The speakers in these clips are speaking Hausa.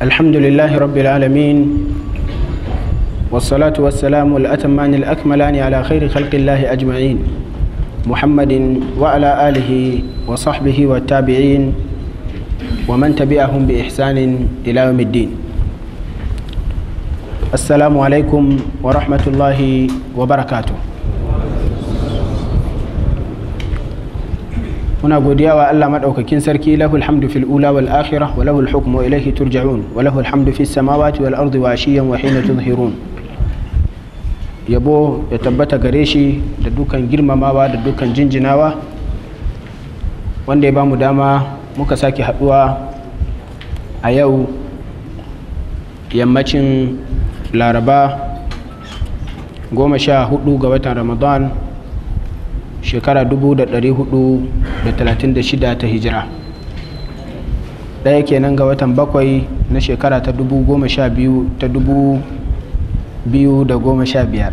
الحمد لله رب العالمين والصلاة والسلام الأتمان الأكملان على خير خلق الله أجمعين محمد وعلى آله وصحبه والتابعين ومن تبعهم بإحسان إلى يوم الدين السلام عليكم ورحمة الله وبركاته muna godiya wa Allah madaukakin sarki lahul hamdu fil ula wal akhira wa lahul hukmu ilayhi turja'un wa lahul hamdu fis samawati wal ardi wa ashiyan wa hina tuzhirun yabo ya tabbata gare shi da dukan girmamawa da dukan jinjinawa wanda ya bamu dama muka sake haduwa a yau yammacin laraba goma sha hudu ga watan ramadan shekara dubu da dari hudu da 36 ta hijira ɗaya kenan ga watan bakwai na shekara ta 2012 ta biyar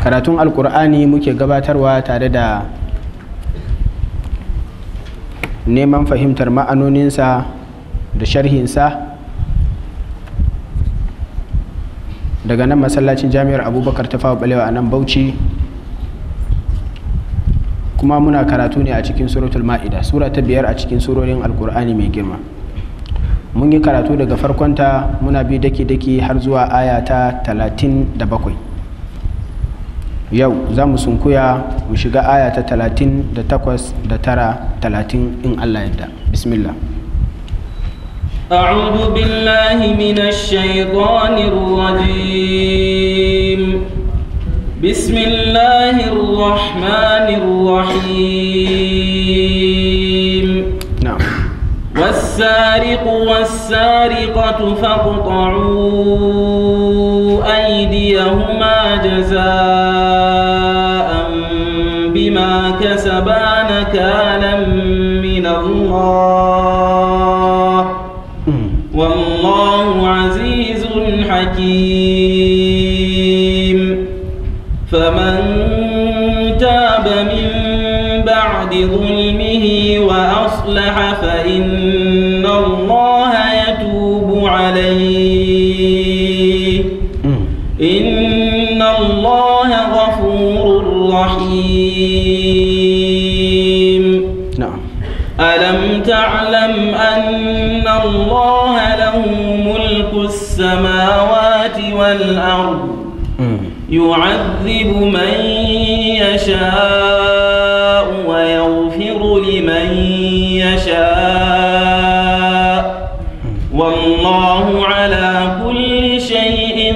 karatun alkur'ani muke gabatarwa tare da neman fahimtar ma'anoninsa da sharhinsa daga nan masallacin jami'ar abubakar ta fawa balewa a nan bauchi kuma muna karatu ne a cikin suratul ma'ida sura ta biyar a cikin surorin alkur'ani mai girma mun yi karatu daga farkonta muna bi daki-daki har zuwa aya ta talatin da bakwai yau za mu sunkuya mu shiga aya ta talatin da takwas da tara talatin in allah yadda bismillah أعوذ بالله من الشيطان الرجيم بسم الله الرحمن الرحيم نعم والسارق والسارقة فاقطعوا أيديهما جزاء بما كسبا نكالا من الله حكيم فمن تاب من بعد ظلمه وأصلح فإن الله يتوب عليه إن الله غفور رحيم نعم ألم تعلم أن الله له ملك السماء الأرض يعذب من يشاء ويغفر لمن يشاء والله على كل شيء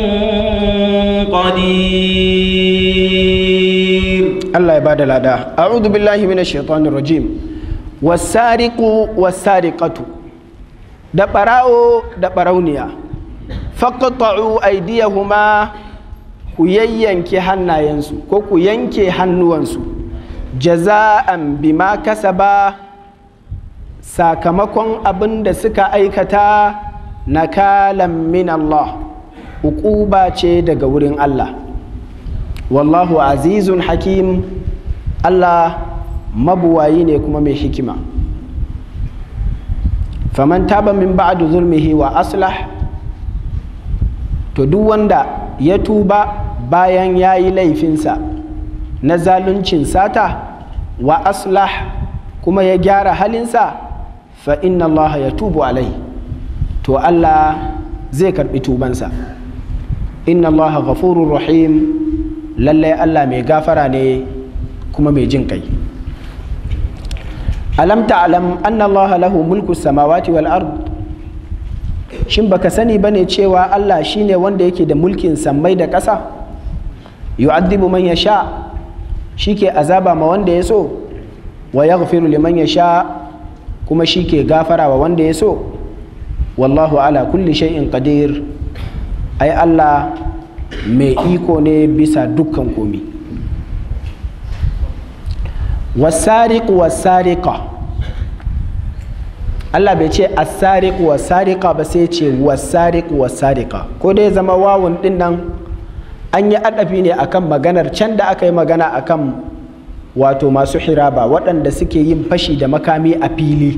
قدير الله يبعد الأداء أعوذ بالله من الشيطان الرجيم والسارق والسارقة da ɓarawo da ɓarauniya faqta'u kuma ku yayyanke hannayensu ko ku yanke hannuwansu jaza'an kasa kasaba sakamakon abin da suka aikata na min Allah uquba ce daga wurin Allah wallahu azizun hakim Allah mabuwayi ne kuma mai hikima faman taba min ba'du zulmihi wa aslah to duk wanda ya tuba bayan ya yi laifinsa na zaluncin sata wa aslah kuma ya gyara halinsa fa inna Allaha ya tubu alai to Allah zai karbi tubansa inna Allah ghafurur rahim lallai Allah mai gafara ne kuma mai jin kai alam ta'lam anna lahu mulku samawati wal ard shin baka sani bane cewa Allah shine wanda yake da mulkin sammai da ƙasa Yuadibu man yasha shike azaba ma wanda ya so wa yaghfiru liman yasha kuma shike gafara wa wanda ya so wallahu ala kulli shay'in qadir ai Allah mai iko ne bisa dukkan komi wasariq wasariqa Allah bai ce as-sariq wa sariqa ba sai ce was-sariq wa sariqa ko dai zama wawun din nan an yi adafi ne akan maganar can da aka yi magana akan wato masu hiraba waɗanda suke yin fashi da makami a fili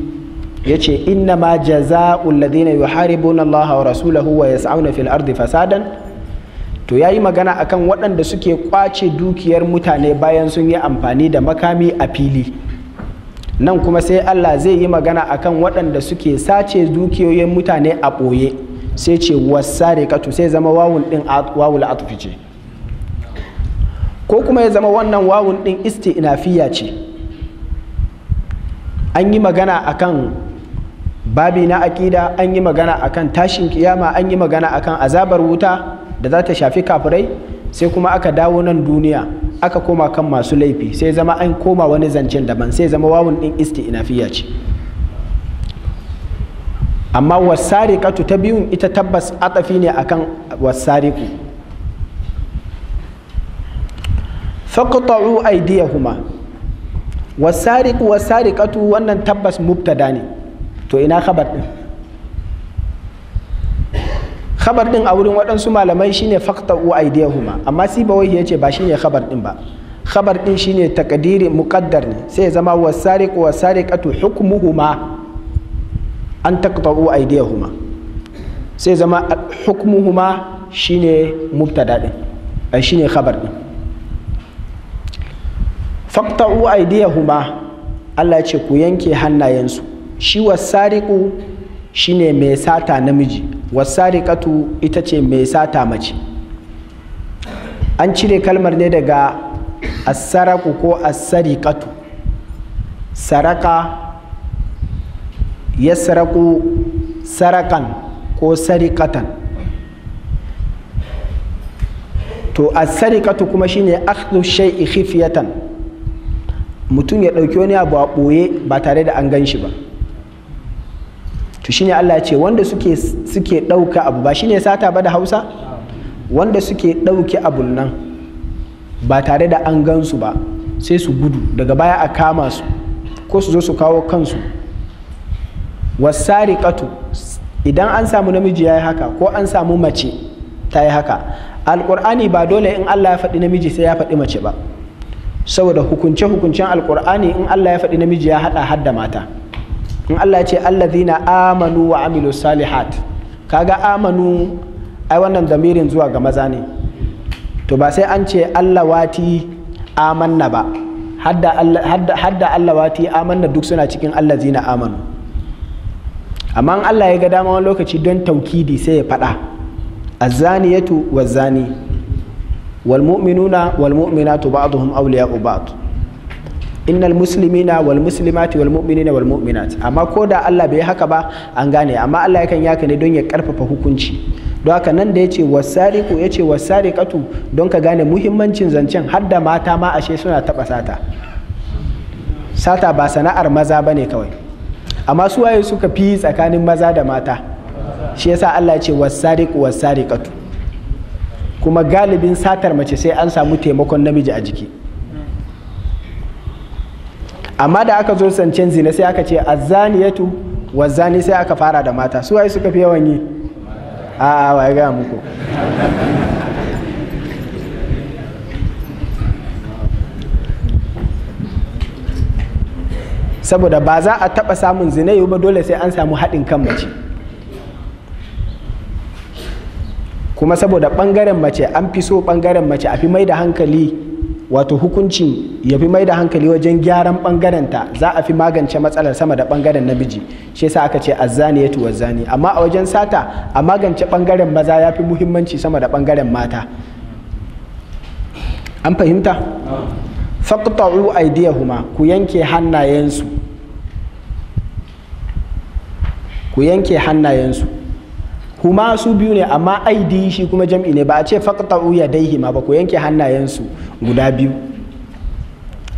yace inna ma jaza'ul ladina yuharibuna Allah wa rasulahu wa yas'auna fil ardi fasadan to ya yi magana akan waɗanda suke kwace dukiyar mutane bayan sun yi amfani da makami a fili nan kuma sai Allah zai yi magana akan waɗanda suke sace dukiyoyin mutane a ɓoye sai ce katu sai zama wawun ɗin wawul ce ko kuma ya zama wannan wawun isti isti'nafiya ce an yi magana akan babi na aƙida an yi magana akan tashin kiyama an yi magana akan azabar wuta da za ta shafi kafirai sai kuma aka dawo nan duniya aka koma kan masu laifi sai zama an koma wani zancen daban sai zama wawun din isti'nafiya ce amma wasariqatu ta biyun ita tabbas atafi ne akan wasariqu faqta'u aydiyahuma wasariqu wasariqatu wannan tabbas mubtada ne to ina khabar din khabar din a wurin waɗansu malamai shine fakta u aidiyahuma amma si ba wai yace ba shine khabar din ba khabar din shine takadiri muqaddar ne sai ya zama wasariq wasariqatu hukmuhuma an taqta'u huma. sai ya zama hukmuhuma shine mubtada din ai shine khabar din faqta'u huma Allah ya ce ku yanke hannayensu shi wasariqu shine mai sata namiji wasariƙatu ita ce mai sata mace an cire kalmar ne daga asaraku ko asariƙatu saraka ya saraku sarakan ko sarikatan to asariƙatu kuma shine akhdhu shay'i khifyatan mutum ya ɗauki wani abu a ɓoye ba tare da an gan shi ba to shine Allah ya ce wanda suke suke ɗauka abu ba shine sata ba da Hausa wanda suke ɗauke abun nan ba tare da an gansu ba sai su gudu daga baya a kama su ko su zo su kawo kansu wasariqatu idan an samu namiji ya yi haka ko an samu mace ta yi haka alƙur'ani ba dole in Allah ya faɗi namiji sai ya faɗi mace ba saboda hukunce-hukuncen alƙur'ani in Allah ya faɗi namiji ya haɗa hadda mata in Allah ya ce allazina amanu wa amilu salihat kaga amanu ai wannan damirin zuwa ga maza ne to ba sai an ce Allah wati amanna ba hadda Allah wati amanna duk suna cikin allazina amanu amma in Allah ya ga dama wani lokaci don taukidi sai ya faɗa azzaniyatu wazzani والمؤمنون والمؤمنات بعضهم أولياء بعض innal muslimina wal muslimati wal mu'minina wal mu'minat amma ko da Allah bai haka ba an gane amma Allah yakan yaka ne don ya karfafa hukunci don haka nan da yace wasariqu yace wasariqatu don ka gane muhimmancin zancen har da mata ma ashe suna taba sata sata ba sana'ar maza bane kawai amma su waye suka fi tsakanin maza da mata shi yasa Allah yace ce wasariqu wasariqatu kuma galibin satar mace sai an samu taimakon namiji a jiki amma da aka zo sancen zina sai aka ce azzaniyatu zani sai aka fara da mata su waye suka fi yawan yi a ya ga muku saboda ba za a taɓa samun zinai ba dole sai an samu haɗin kan mace kuma saboda ɓangaren mace an fi so ɓangaren mace a fi mai da hankali wato hukunci ya fi mai da hankali wajen gyaran ta za a fi magance matsalar sama da bangaren namiji shi yasa aka ce azzani ya tuwa zani amma a wajen sata a magance bangaren maza ya fi muhimmanci sama da bangaren mata an fahimta faqta'u aydiyahuma ku yanke ku yanke hannayensu huma su biyu ne amma aidi shi kuma jam'i ne ba a ce faqta'u yadayhi ma ba ku yanke hannayensu guda biyu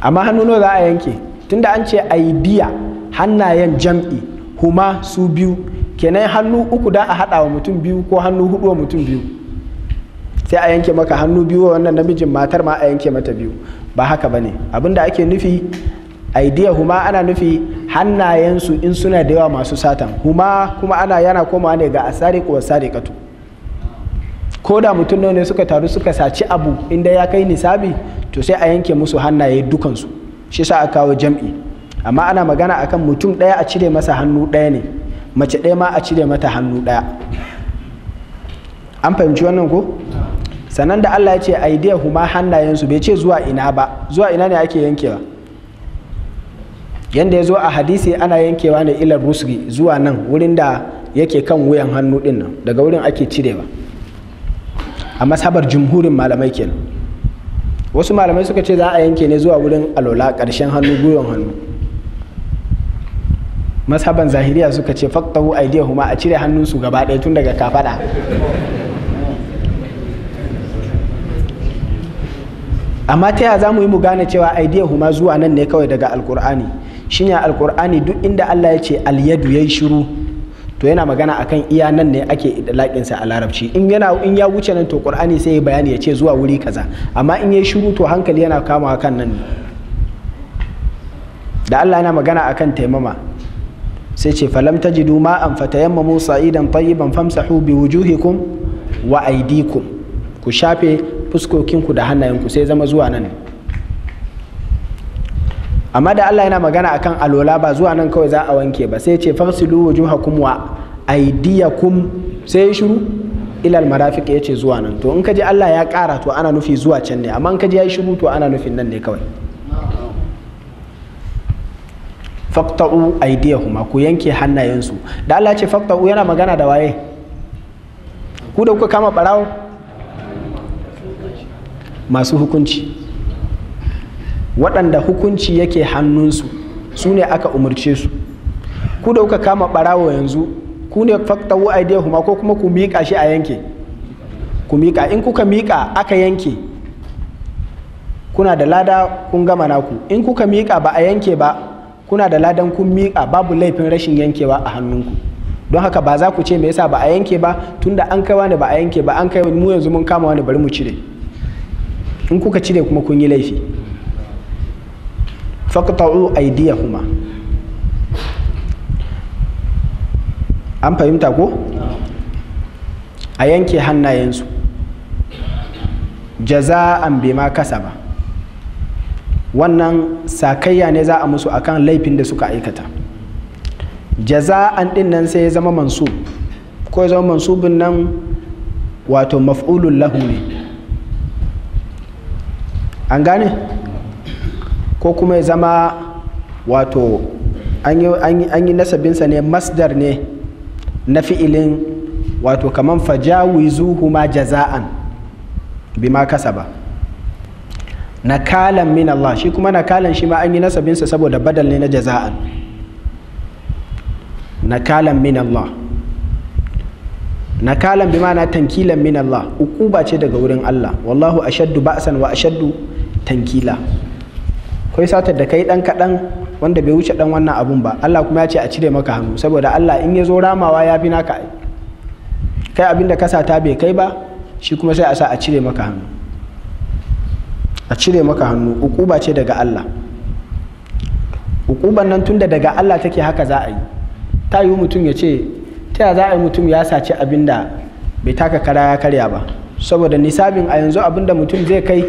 amma hannu nawa za a yanke tunda an ce aidiya hannayen jam'i huma su biyu kenan hannu uku da a haɗa wa mutum biyu ko hannu hudu wa mutum biyu sai a yanke maka hannu biyu wa wannan namijin matar ma a yanke mata biyu ba haka bane abinda ake nufi aidiya huma ana nufi hannayensu in suna da yawa masu satan huma kuma ana yana komawa ne ga asari asari katu, ko da mutum ne suka taru suka saci abu inda ya kai nisabi to sai a yanke musu hannaye dukansu shi sa a kawo jam'i amma ana magana akan mutum ɗaya a cire masa hannu ɗaya ne mace ɗaya ma a cire mata hannu ɗaya an fahimci wannan ko sannan da allah ya ce aidiya huma hannayensu bai ce zuwa ina ba zuwa ina ne ake yankewa yanda ya zo a hadisi ana yankewa ne ilar rusgi zuwa nan wurin da yake kan wuyan hannu din nan daga wurin ake cirewa a masabar jumhurin malamai kenan wasu malamai suka ce za a yanke ne zuwa wurin alola ƙarshen hannu gwiwan hannu masaban zahiriya suka ce faktahu huma a cire hannunsu gaba ɗaya tun daga kafaɗa amma ta yaya za mu yi mu gane cewa huma zuwa nan ne kawai daga alkur'ani shine alkur'ani duk inda Allah ya ce alyadu yayi shiru to yana magana akan iya nan ne ake da sa a larabci in yana in ya wuce nan to qur'ani sai ya bayani ya ce zuwa wuri kaza amma in yayi shiru to hankali yana kamawa kan nan da Allah yana magana akan taimama sai ce falam tajidu ma'an fatayammamu sa'idan tayyiban famsahu biwujuhikum wa aydikum ku shafe fuskokinku da hannayenku sai zama zuwa nan amma da Allah yana magana akan alola ba zuwa nan kawai za a wanke ba sai ce farsilu wujuhakum wa aidiyakum sai ya shiru ilal marafiq yace zuwa nan to in kaji Allah ya kara to ana nufi zuwa can ne amma in kaji ya shiru to ana nufin nan ne kawai faqta'u aydiyahuma ku yanke hannayensu da Allah ce faqta'u yana magana da waye ku da kuka kama barawo masu hukunci waɗanda hukunci yake hannunsu su ne aka umarce su ku da kuka kama ɓarawo yanzu ku ne idea huma ko kuma ku miƙa shi a yanke ku miƙa in kuka miƙa aka yanke kuna da lada kun gama naku in kuka miƙa ba a yanke ba kuna da ladan kun miƙa babu laifin rashin yankewa a hannunku don haka ba za ku ce me yasa ba a yanke ba tunda an kai wani ba a yanke ba an kai mu yanzu mun kama wani bari mu cire in kuka cire kuma kun yi laifi aidiya kuma an fahimta ko a yanke hannayensu jaza an ma kasa ba wannan sakayya ne za a musu akan laifin da suka aikata jaza an ɗin nan sai ya zama mansub ko ya zama mansubin nan wato maf'ulun lahu ne an gane? ko kuma ya zama wato an yi nasabinsa ne masdar ne na fi'ilin wato kaman fajawizuhuma jaza'an bima Na nakalan min Allah shi kuma nakalan shi ma an yi nasabinsa saboda badal ne na jaza'an nakalan min Allah nakalan bi na tankilan min Allah uku ce daga wurin Allah wallahu ashaddu ba'san wa ashaddu tankila akwai satar da kai dan kaɗan wanda bai wuce dan wannan abun ba Allah kuma ya ce a cire maka hannu saboda Allah in ya zo ramawa ya fi naka kai abinda ka sata bai kai ba shi kuma sai a sa a cire maka hannu a cire maka hannu ukuba ce daga Allah ukuban nan tunda daga Allah take haka za a yi ta yi mutum ya ce ta za a yi mutum ya saci abinda bai taka kara ya karya ba saboda nisabin a yanzu abinda mutum zai kai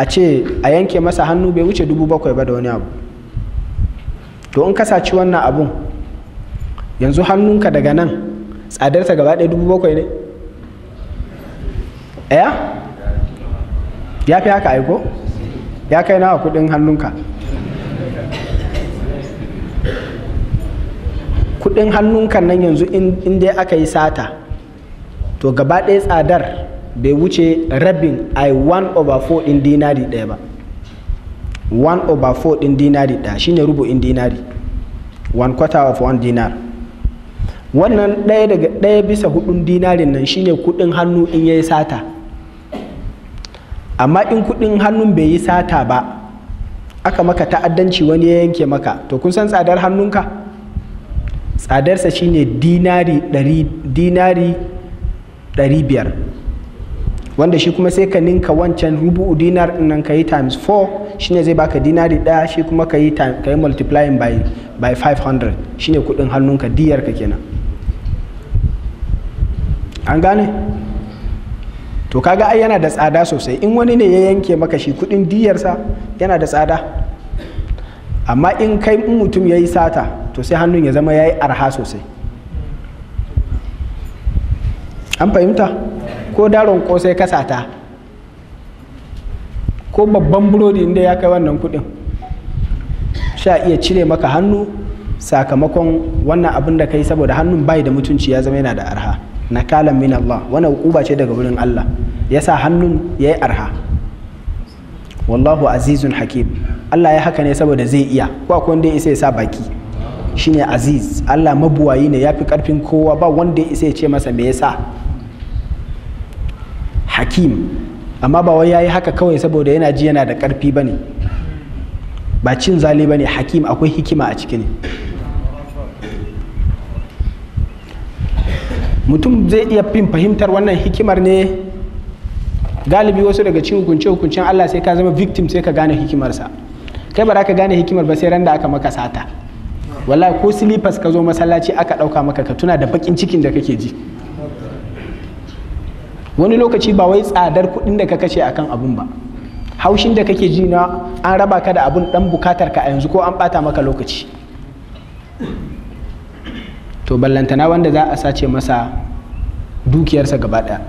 a ce a yanke masa hannu bai wuce dubu bakwai ba da wani abu to in ka wannan abun yanzu hannunka daga nan tsadarta gaba ɗaya dubu bakwai ne ɗaya ya fi haka aiko ya kai nawa kudin hannunka kudin hannunka nan yanzu in dai aka yi sata to gaba ɗaya tsadar bai wuce rabin ai 1 over 4 din dinari ɗaya ba 1 over 4 din dinari ɗaya shine in dinari 1 quarter of 1 dinar wannan ɗaya daga ɗaya bisa hudun dinarin nan shine kudin hannu in ya yi sata amma in kudin hannun bai yi sata ba aka maka ta'addanci wani ya yanke maka to kun san tsadar hannunka tsadarsa shine dinari 500 wanda shi kuma sai ka ninka wancan rubu'u dinar nan ka yi times 4 shine zai baka dinari daya shi kuma ka yi ka yi multiplying by by 500 shine kudin hannunka diyar ka kenan an gane to kaga ai yana da tsada sosai in wani ne ya yanke maka shi kudin diyarsa yana da tsada amma in kai mutum ya yi sata to sai hannun ya zama ya yi arha sosai an fahimta ko daron kosai kasata ko babban burodi inda ya kai wannan kudin sha iya cire maka hannu sakamakon wannan abin da kai saboda hannun bai da mutunci ya zama yana da arha na kalan min Allah wani hukuba ce daga wurin Allah ya sa hannun ya yi arha wallahu azizun hakim Allah ya haka ne saboda zai iya ko akwai wanda ya isa ya sa baki shine aziz Allah mabuwayi ne ya fi karfin kowa ba wanda ya isa ya ce masa me yasa hakim amma ba wai yayi haka kawai saboda yana ji yana da karfi bane ba cin zali bane hakim akwai hikima a ciki ne mutum zai iya fin fahimtar wannan hikimar ne galibi wasu daga cikin hukunce hukuncen Allah sai ka zama victim sai ka gane hikimarsa kai ba ka gane hikimar ba sai ran da aka maka sata wallahi ko silifas ka zo masallaci aka ɗauka maka ka tuna da bakin cikin da kake ji wani lokaci ba wai tsadar kuɗin da ka kashe akan abun ba haushin da kake ji na an raba ka da abun dan bukatar ka a yanzu ko an bata maka lokaci to ballantana wanda za a sace masa dukiyarsa gaba ɗaya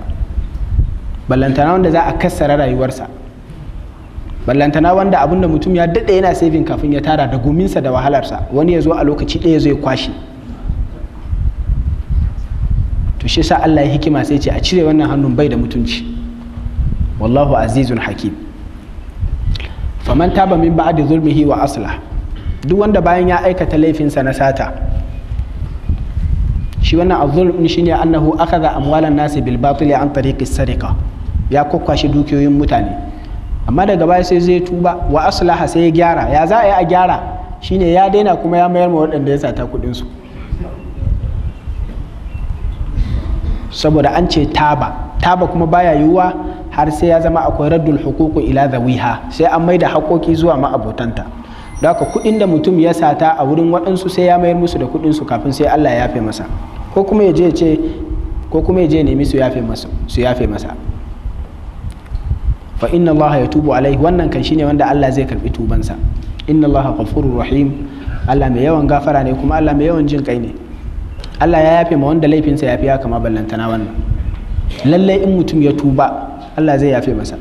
ballantana wanda za a kassara rayuwarsa ballantana wanda abun da mutum ya daɗe yana saving kafin ya tara da guminsa da wahalarsa wani ya zo a lokaci ɗaya zai kwashe to shi sa Allah ya hikima sai ce a cire wannan hannun bai da mutunci wallahu azizun hakim faman taba min ba'da zulmihi wa asla duk wanda bayan ya aikata laifinsa na sata shi wannan azulm shine annahu akhadha amwalan nasi bil batil an tariqi sariqa ya kokkwashi dukiyoyin mutane amma daga baya sai zai tuba wa aslaha sai ya gyara ya za a yi a gyara shine ya daina kuma ya mayar ma waɗanda ya sata kuɗinsu su saboda an ce taba taba kuma baya yiwuwa har sai ya zama akwai raddul hukuku ila zawiha sai an maida haƙoƙi zuwa ma'abotanta don haka kuɗin da mutum ya sata a wurin waɗansu sai ya mayar musu da kuɗin su kafin sai Allah ya yafe masa ko kuma ya je ce ko kuma ya je nemi su yafe masa su yafe masa fa inna Allah ya tubu alaihi wannan kan shine wanda Allah zai karbi tubansa inna Allah ghafurur rahim Allah mai yawan gafara ne kuma Allah mai yawan jin kai ne Allah ya yafe ma wanda laifinsa ya fi ya kama ballantana wannan lallai in mutum ya tuba Allah zai yafe masa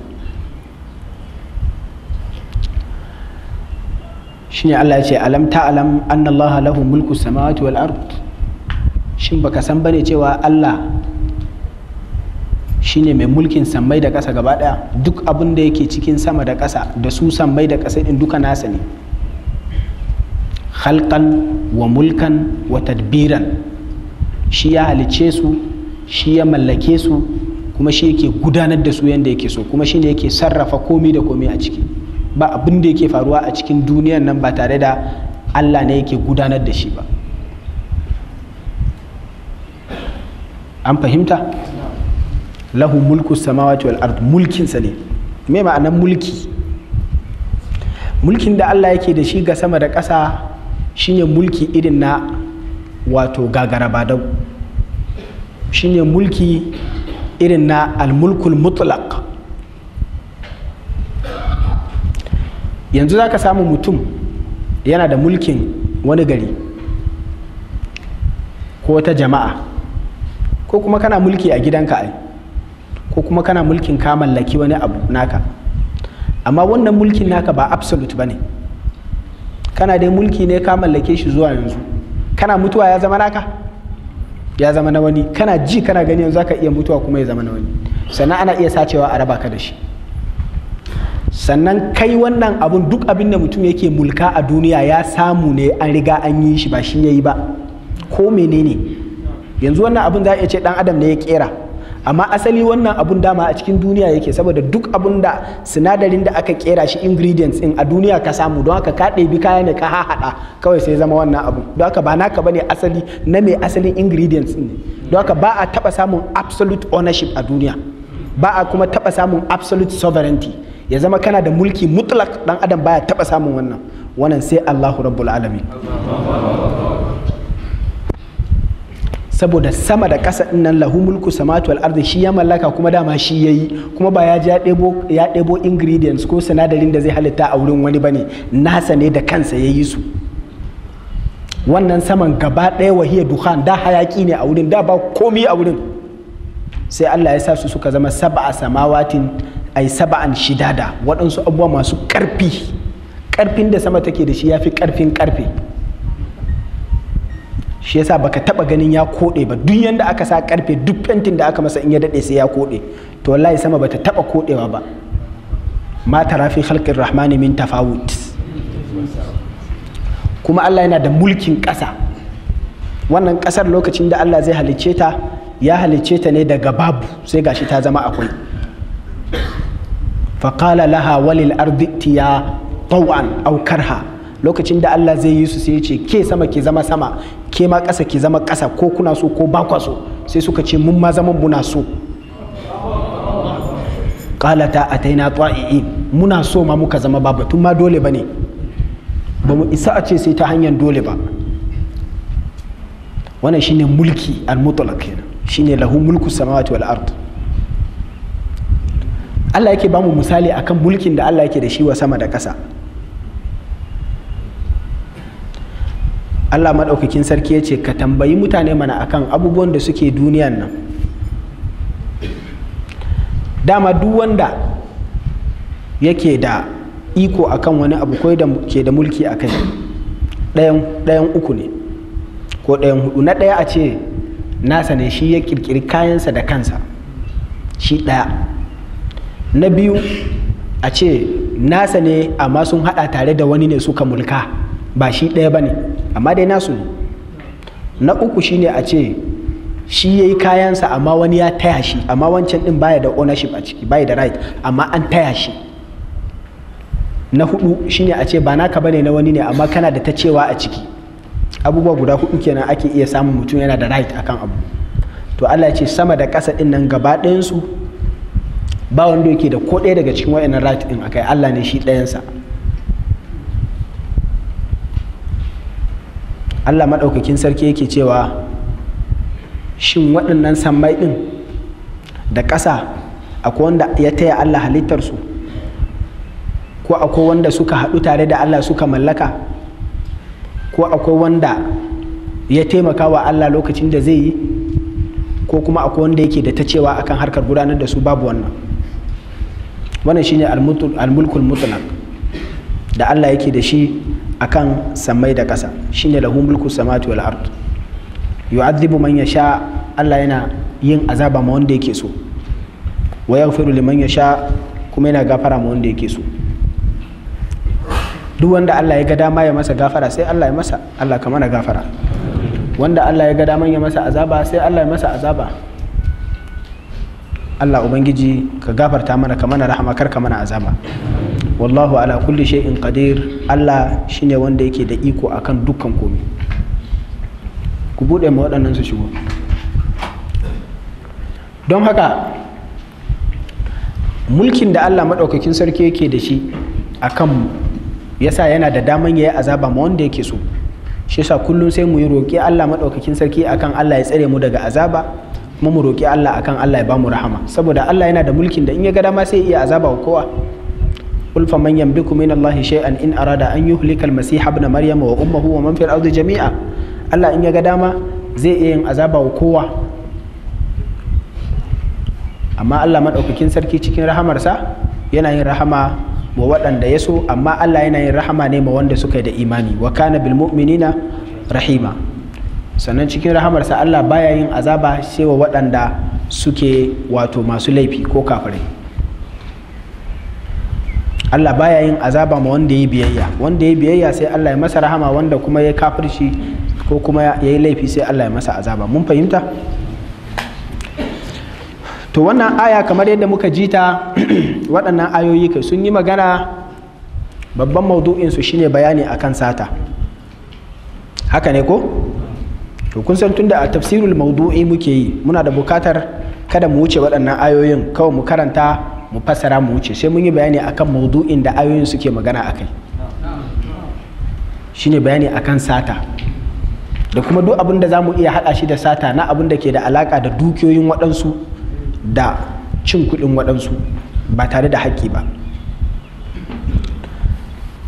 ne Allah ya ce alam ta'alam anna Allah lahu mulku samawati wal ard shin baka san bane cewa Allah shine mai mulkin sammai da ƙasa gaba ɗaya duk abin da yake cikin sama da kasa da su sammai da ƙasa ɗin duka nasa ne halkan wa mulkan wa tadbiran shi ya halice su shi ya mallake su kuma shi yake gudanar da su yadda yake so kuma shi ne yake sarrafa komi da komi a ciki ba abin da yake faruwa a cikin duniyar nan ba tare da allah ne yake gudanar da shi ba an fahimta lahu mulkus samawati wal ard mulkinsa ne me ma'anar mulki mulkin da allah yake da shi ga sama da ƙasa shine mulki irin na wato gagara badau shine mulki irin na almulkul mutlaq yanzu za ka samu mutum yana da mulkin wani gari ko ta jama'a ko kuma kana mulki a gidanka ai ko kuma kana mulkin ka mallaki wani abu naka amma wannan mulkin naka ba absolute ba ne kana dai mulki ne ka mallake shi zuwa yanzu kana mutuwa ya zama naka ya zama na wani kana ji kana gani yanzu zaka iya mutuwa kuma ya zama na wani sannan ana iya sacewa a raba ka da shi sannan kai wannan abun duk abin da mutum yake mulka a duniya ya samu ne an riga an yi shi ba shi ya yi ba ko menene yanzu wannan abun za a iya ce dan adam ne ya kera amma asali wannan abun dama a cikin duniya yake saboda duk abun da sinadarin da aka kera shi ingredients in a duniya ka samu don haka ka ɗebi kaya ne ka hahaɗa kawai sai zama wannan abu don haka ba naka bane asali na mai asalin ingredients ne don haka ba a taɓa samun absolute ownership a duniya ba a kuma taɓa samun absolute sovereignty ya zama kana da mulki mutlak dan adam baya taɓa samun wannan wannan sai Allahu rabbul alamin saboda sama da ƙasa nan lahu mulku samatu wal shi ya mallaka kuma dama shi yayi kuma ba ya ji ya ɗebo ingredients ko sinadarin da zai halitta a wurin wani bane nasa ne da kansa yayi su wannan saman gaba ɗaya wahiyar duhan da hayaki ne a wurin da ba komi a wurin sai Allah ya sa su suka zama saba'a samawatin ai saba'an shidada waɗansu abubuwa masu ƙarfi ƙarfin da sama take da shi ya fi ƙarfin ƙarfe shi yasa baka taba ganin ya kode ba duk yanda aka sa karfe duk fentin da aka masa in ya dade sai ya kode to wallahi sama bata taba kodewa ba ma tara fi khalqir rahmani min tafawut kuma Allah yana da mulkin ƙasa wannan ƙasar lokacin da Allah zai halicce ta ya halicce ta ne daga babu sai gashi ta zama akwai qala laha walil ardi tiya taw'an aw karha lokacin da Allah zai yi su sai ya ce ke sama ke zama sama ke ma ƙasa ke zama ƙasa ko kuna so ko ba kwa so sai suka ce mun ma zaman muna so a taina tsa'i'i muna so ma muka zama ba batun ma dole ba ne ba mu isa a ce sai ta hanyar dole ba wannan shine mulki al-mutlaq shine lahu mulku samawati wal ard Allah yake ba mu misali akan mulkin da Allah yake da shi wa sama da ƙasa Allah maɗaukakin sarki ya ce ka tambayi mutane mana akan abubuwan da suke duniyan nan dama duk wanda yake da iko akan wani abu ko da ke da mulki a kai ɗayan uku ne ko ɗayan hudu na ɗaya a ce nasa ne shi ya ƙirƙiri kayansa da kansa shi ɗaya na biyu a ce nasa ne amma sun haɗa tare da wani ne suka mulka ba shi ɗaya ba ne amma dai nasu ne na uku shi ne a ce shi ya yi kayansa amma wani ya taya shi amma wancan ɗin baya da ownership a ciki baya da right amma an taya shi na hudu ne a ce ba naka bane na wani ne amma kana da ta cewa a ciki abubuwa guda hudu kenan ake iya samun mutum yana da right akan abu to Allah ya ce sama da ƙasa ɗin nan gaba ɗayansu ba wanda yake da ko ɗaya daga cikin wa'annan right ɗin akai Allah ne shi ɗayansa allah maɗaukakin sarki yake cewa shin waɗannan sammai ɗin da ƙasa akwai wanda ya taya allah halittarsu ko akwai wanda suka haɗu tare da allah suka mallaka ko akwai wanda ya taimaka wa allah lokacin da zai yi ko kuma akwai wanda yake da ta cewa akan harkar gudanar da su babu wannan wannan shine almulkul mutlaq da allah yake da shi akan samai da ƙasa shine lahu mulku samawati wal ard yu'adhibu man yasha Allah yana yin azaba ma wanda yake so wa yaghfiru liman yasha kuma yana gafara ma wanda yake so duk wanda Allah ya ga dama ya masa gafara sai Allah ya masa Allah ka mana gafara wanda Allah ya ga dama ya masa azaba sai Allah ya masa azaba Allah ubangiji ka gafarta mana ka mana rahama kar ka mana azaba wallahu ala kulli shay'in qadir Allah shine wanda yake da iko akan dukkan komai ku bude ma waɗannan su shigo don haka mulkin da Allah maɗaukakin sarki yake da shi a kanmu yasa yana da daman ya yi azaba ma wanda yake so shi yasa kullum sai mu yi roƙi Allah maɗaukakin sarki akan Allah ya tsare mu daga azaba kuma mu roƙi Allah akan Allah ya ba mu rahama saboda Allah yana da mulkin da in ya ga dama sai ya iya azaba wa kowa قل فمن يملك من الله شيئا ان اراد ان يهلك المسيح ابن مريم وامه ومن في الارض جميعا Allah in ya ga dama zai iya yin اما الله kowa amma Allah maɗaukakin sarki cikin rahamarsa yana yin rahama wa waɗanda ya so amma Allah yana yin rahama ne ma wanda suka yi da imani wa kana bil mu'minina rahima sannan cikin rahamarsa Allah baya yin azaba sai wa waɗanda suke wato masu laifi ko kafirai Allah baya yin azaba ma wanda ya biyayya wanda ya biyayya sai Allah ya masa rahama wanda kuma ya kafirci ko kuma ya yi laifi sai Allah ya masa azaba mun fahimta to wannan aya kamar yadda muka ji ta waɗannan ayoyi kai sun yi magana babban maudu'in su shine bayani akan sata haka ne ko to kun san tunda a tafsirul maudu'i muke yi muna da bukatar kada mu wuce waɗannan ayoyin kawai mu karanta mu fassara mu wuce sai mun yi bayani akan maudu'in da ayoyin suke magana akai shine bayani akan sata da kuma duk abin da za iya haɗa shi da sata na abin da ke da alaƙa da dukiyoyin waɗansu da cin kuɗin waɗansu ba tare da haƙƙi ba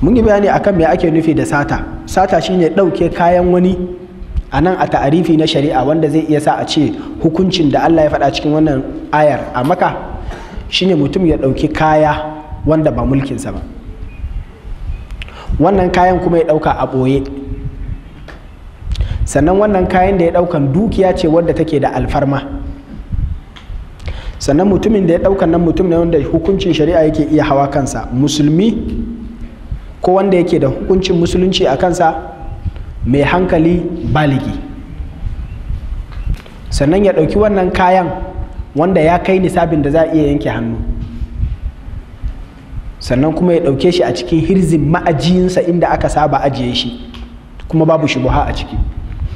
mun yi bayani akan me ake nufi da sata sata shine ɗauke kayan wani a nan a ta'arifi na shari'a wanda zai iya sa a ce hukuncin da allah ya faɗa cikin wannan ayar a maka shine mutum ya ɗauki kaya wanda ba mulkinsa ba wannan kayan kuma ya ɗauka a ɓoye sannan wannan kayan da ya ɗaukan dukiya ce wadda take da alfarma sannan mutumin da ya ɗaukan nan mutum ne wanda hukuncin shari'a yake iya hawa kansa musulmi ko wanda yake da hukuncin musulunci a kansa mai hankali baligi sannan ya ɗauki wannan kayan wanda ya kai nisabin da za a iya yanke hannu sannan kuma ya ɗauke shi a cikin hirzin ma'ajiyinsa inda aka saba ajiye shi kuma babu shubuha a ciki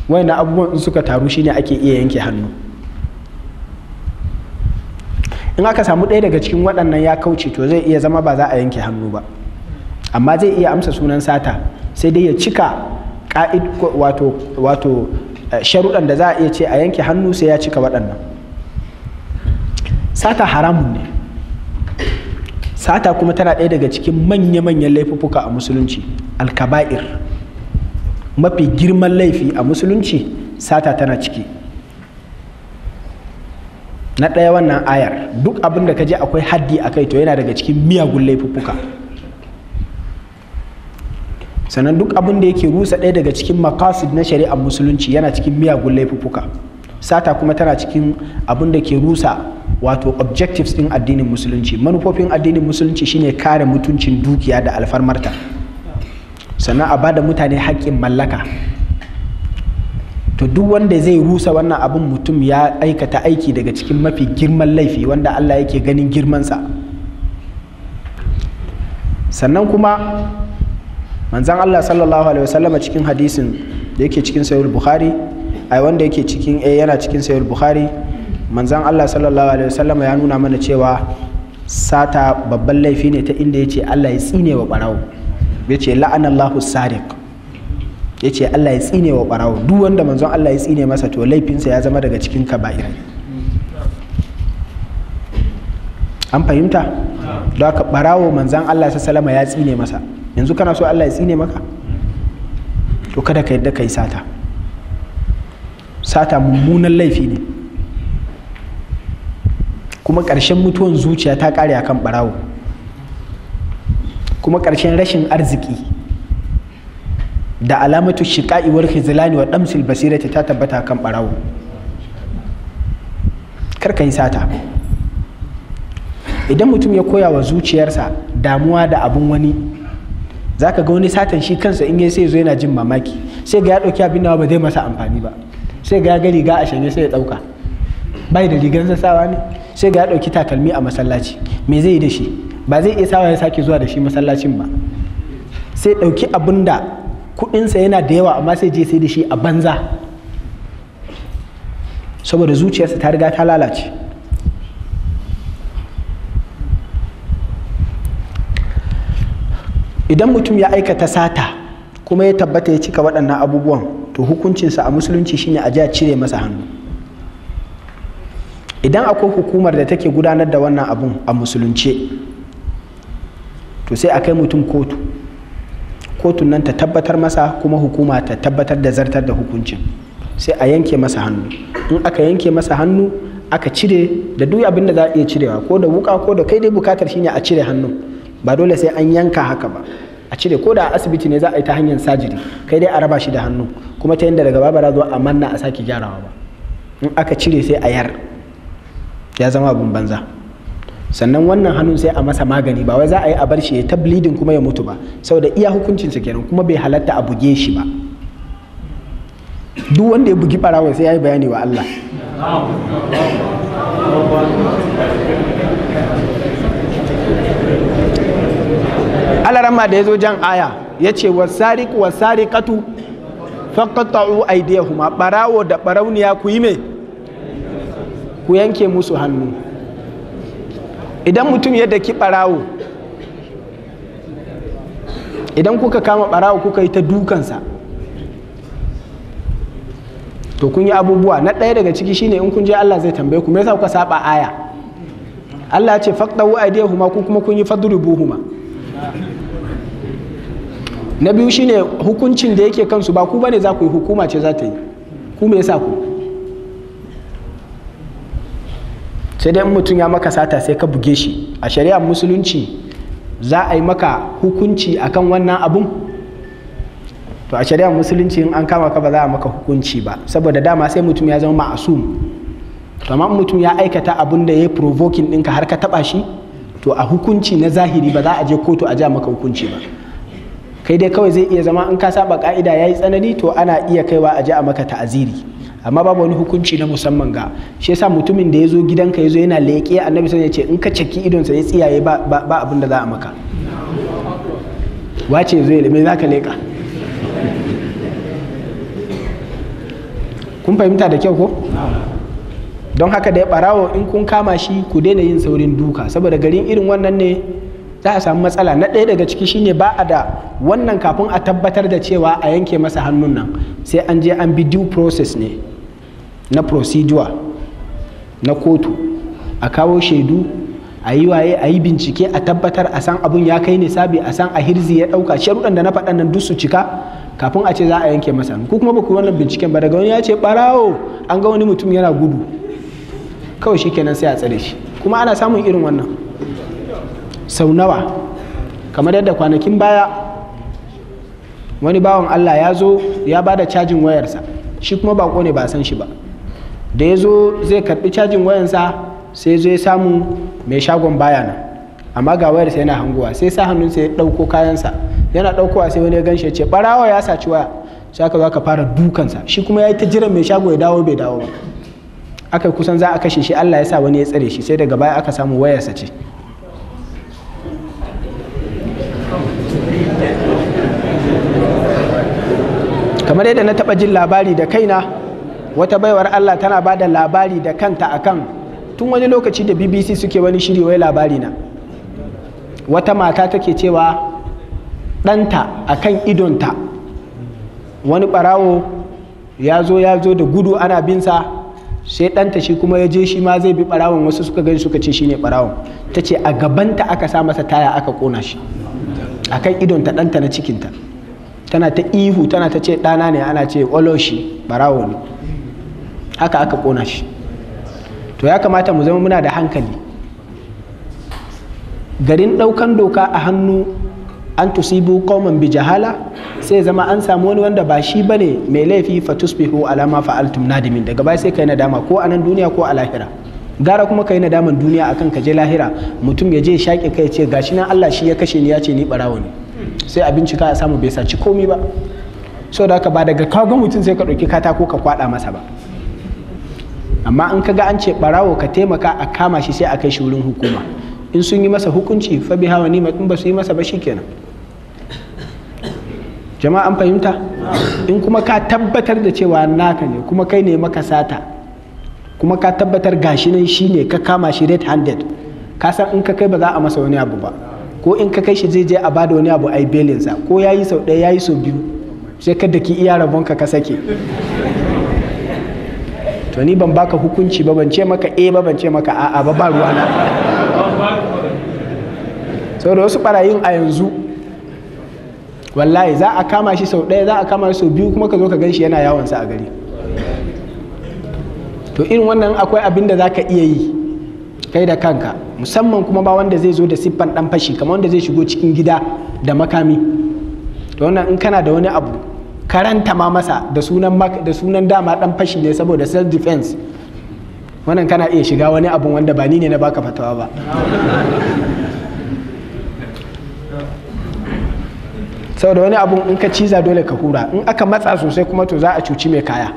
wayannan abubuwan in suka taru shine ake iya yanke hannu in aka samu ɗaya daga cikin waɗannan ya kauce to zai iya zama ba za a yanke hannu ba amma zai iya amsa sunan sata sai dai ya cika ka'id wato wato eh, sharuɗan da za a iya ce a yanke hannu sai ya cika waɗannan sata haramun ne sata kuma tana ɗaya daga cikin manya-manyan laifuffuka a musulunci alkaba'ir mafi girman laifi a musulunci sata tana ciki na ɗaya wannan ayar duk abin da ka je akwai haddi a kai to yana daga cikin miyagun laifuffuka sannan duk abin da yake rusa ɗaya daga cikin makasid na shari'ar musulunci yana cikin miyagun laifuffuka sata kuma tana cikin abin da ke rusa wato objectives din addinin musulunci manufofin addinin musulunci shine kare mutuncin dukiya da alfarmarta sannan a ba da mutane haƙƙin mallaka to duk wanda zai rusa wannan abin mutum ya aikata aiki daga cikin mafi girman laifi wanda allah yake ganin girmansa sannan kuma manzan allah sallallahu alaihi wasallama cikin hadisin da yake cikin sayar bukhari ai wanda yake cikin eh yana cikin sayar bukhari manzan allah sallallahu alaihi wasallam ya nuna mana cewa sata babban laifi ne ta inda ya ce allah ya tsine wa barawo ya ce la'anallahu sariq ya ce allah ya tsine wa barawo duk wanda manzon allah ya tsine masa to laifinsa ya zama daga cikin kaba'ir an fahimta don haka barawo manzan allah sa salama ya tsine masa yanzu kana so allah ya tsine maka to kada ka yadda ka yi sata sata mummunan laifi ne kuma ƙarshen mutuwan zuciya ta ƙare a kan ɓarawo kuma ƙarshen rashin arziki da alamatu shiƙa'i wal khizlani wa damsil basirata ta tabbata kan ɓarawo karka yi sata idan mutum ya koya wa zuciyarsa damuwa da abin wani za ka ga wani satan shi kansa in ya sai zo yana jin mamaki sai ga ya ɗauki abin da ba zai masa amfani ba sai ga ga riga a shanye sai ya ɗauka bai da rigar sawa ne sai ga ya ɗauki takalmi a masallaci me zai yi da shi ba zai iya sawa ya sake zuwa da shi masallacin ba sai ɗauki abin da kuɗinsa yana da yawa amma sai je sai da shi a banza saboda zuciyarsa ta riga ta lalace idan mutum ya aikata sata kuma ya tabbata ya cika waɗannan abubuwan to hukuncinsa a musulunci shine a jiya cire masa hannu idan akwai hukumar da take gudanar da wannan abun a musulunce to sai a kai mutum kotu kotu nan ta tabbatar masa kuma hukuma ta tabbatar da zartar da hukuncin sai a yanke masa hannu in aka yanke masa hannu aka cire da duk abin da za a iya cirewa ko da wuka ko da kai dai bukatar shine a cire hannun ba dole sai an yanka haka ba a cire ko da a asibiti ne za a yi ta hanyar sajiri kai dai a raba shi da hannu kuma ta yadda daga babara zuwa a manna a sake gyarawa ba in aka cire sai a yar ya zama abin banza sannan wannan hannun sai a masa magani ba wai za a yi a bar shi ya ta bleeding kuma ya mutu ba saboda iya hukuncin su kenan kuma bai halatta a buge shi ba duk wanda ya bugi barawa sai ya yi bayani wa Allah ramma da ya zo jan aya ya ce wasariku a faƙaƙa'u aidiyahuma ɓarawo da ɓarauniya ku yi me ku yanke musu hannu idan mutum ya daki ɓarawo idan kuka kama ɓarawo kuka yi ta dukansa to kun yi abubuwa na ɗaya daga ciki shine in kun je Allah zai tambaye ku me yasa kuka saba aya Allah ya ce faqtawu aidiyahuma ku kuma kun yi fadrubuhuma na biyu shine hukuncin da yake kansu ba ku bane za ku yi hukuma ce za ta yi ku me yasa ku sai dai mutum ya maka sata sai ka buge shi a shari'ar musulunci za a yi maka hukunci akan wannan abun to a shari'ar musulunci in an kama ka ba za a maka hukunci ba saboda dama sai mutum ya zama ma'asum amma mutum ya aikata abun da ya yi provoking ɗinka har ka taɓa shi to a hukunci na zahiri ba za a je kotu a ja maka hukunci ba kai dai kawai zai iya zama in ka saba ka'ida ya yi tsanani to ana iya kaiwa a ji a maka ta'aziri amma babu wani hukunci na musamman ga shi yasa mutumin da ya zo gidanka ya zo yana leƙe annabi sai ya ce in ka caki sa ya tsiyaye ba ba abin da za a maka wace zo ya me zaka leƙa kun fahimta da kyau ko don haka da ya barawo in kun kama shi ku daina yin saurin duka saboda garin irin wannan ne za a samu matsala na ɗaya daga ciki shine ba a da wannan kafin a tabbatar da cewa a yanke masa hannun nan sai an je an bi due process ne na procedure na kotu a kawo shaidu a yi waye a yi bincike a tabbatar a san abun ya kai ne a san a hirzi ya ɗauka sharuɗan da na faɗa nan duk su cika kafin a ce za a yanke masa ku kuma ba ku wannan binciken ba daga wani ya ce ɓarawo an ga wani mutum yana gudu kawai shi kenan sai a tsare shi kuma ana samun irin wannan sau nawa kamar yadda kwanakin baya wani bawan allah ya zo ya ba da cajin wayarsa shi kuma bako ne ba san shi ba da ya zo zai karbi cajin wayansa sai zai samu mai shagon baya nan amma ga wayarsa yana hanguwa sai sa hannunsa ya ɗauko kayansa yana ɗaukowa sai wani ya gan shi ya ce ɓarawa ya saci waya sai aka zo aka fara dukansa shi kuma ya yi ta jiran mai shago ya dawo bai dawo ba aka kusan za a kashe shi allah ya sa wani ya tsare shi sai daga baya aka samu wayarsa ce kamar yadda na taɓa jin labari da kaina wata baiwar Allah tana ba da labari da kanta akan tun wani lokaci da bbc suke wani shiri wai labari na wata mata take cewa ɗanta akan idonta wani ɓarawo ya zo ya zo da gudu ana binsa sai ɗanta shi kuma ya je shi ma zai bi ɓarawon wasu suka gani suka ce shine ɓarawon ta ce a gabanta aka sa masa taya aka ƙona shi akan idonta ɗanta na cikinta tana ta ihu tana ta ce ɗana ne ana ce oloshi barawo ne haka aka ƙona shi to ya kamata mu zama muna da hankali garin ɗaukan doka a hannu an tusibu qauman bi jahala sai zama an samu wani wanda ba shi ba ne mai laifi fa tusbihu alama fa'altum nadimin daga baya sai kai nadama ko anan nan duniya ko a lahira gara kuma kai nadaman duniya akan ka je lahira mutum ya je shaƙe kai ce gashi nan Allah shi ya kashe ni ya ce ni barawo ne sai a ka a samu bai saci komi ba so da ka ba daga ka mutum sai ka ɗauki katako ka kwaɗa masa ba amma in ka ga an ce ɓarawo ka taimaka a kama shi sai a kai shi wurin hukuma in sun yi masa hukunci fa bi hawa ne in ba su yi masa ba shikenan jama'a an fahimta in kuma ka tabbatar da cewa naka ne kuma kai ne maka sata kuma ka tabbatar gashi nan ne ka kama shi red handed ka san in ka kai ba za a masa wani abu ba ko in ka kai shi zai je a bada wani abu a yi sa ko ya yi sau ɗaya ya yi sau biyu sai ka daki iya rabon ka sake to ni ban baka hukunci ba ban ce maka eh ba ban ce maka a'a ba ba ruwana saboda wasu barayin a yanzu wallahi za a kama shi sau ɗaya za a kama shi sau biyu kuma ka zo ka gan shi yana yawonsa a gari to irin wannan akwai abin da za ka iya yi kai da kanka musamman kuma ba wanda zai zo da siffan dan fashi kamar wanda zai shigo cikin gida da makami to wannan in kana da wani abu karanta ma masa da sunan da sunan dama dan fashi ne saboda self defense wannan kana iya shiga wani abu wanda ba ni ne na baka fatawa ba saboda wani abun in ka ciza dole ka kura in aka matsa sosai kuma to za a cuci mai kaya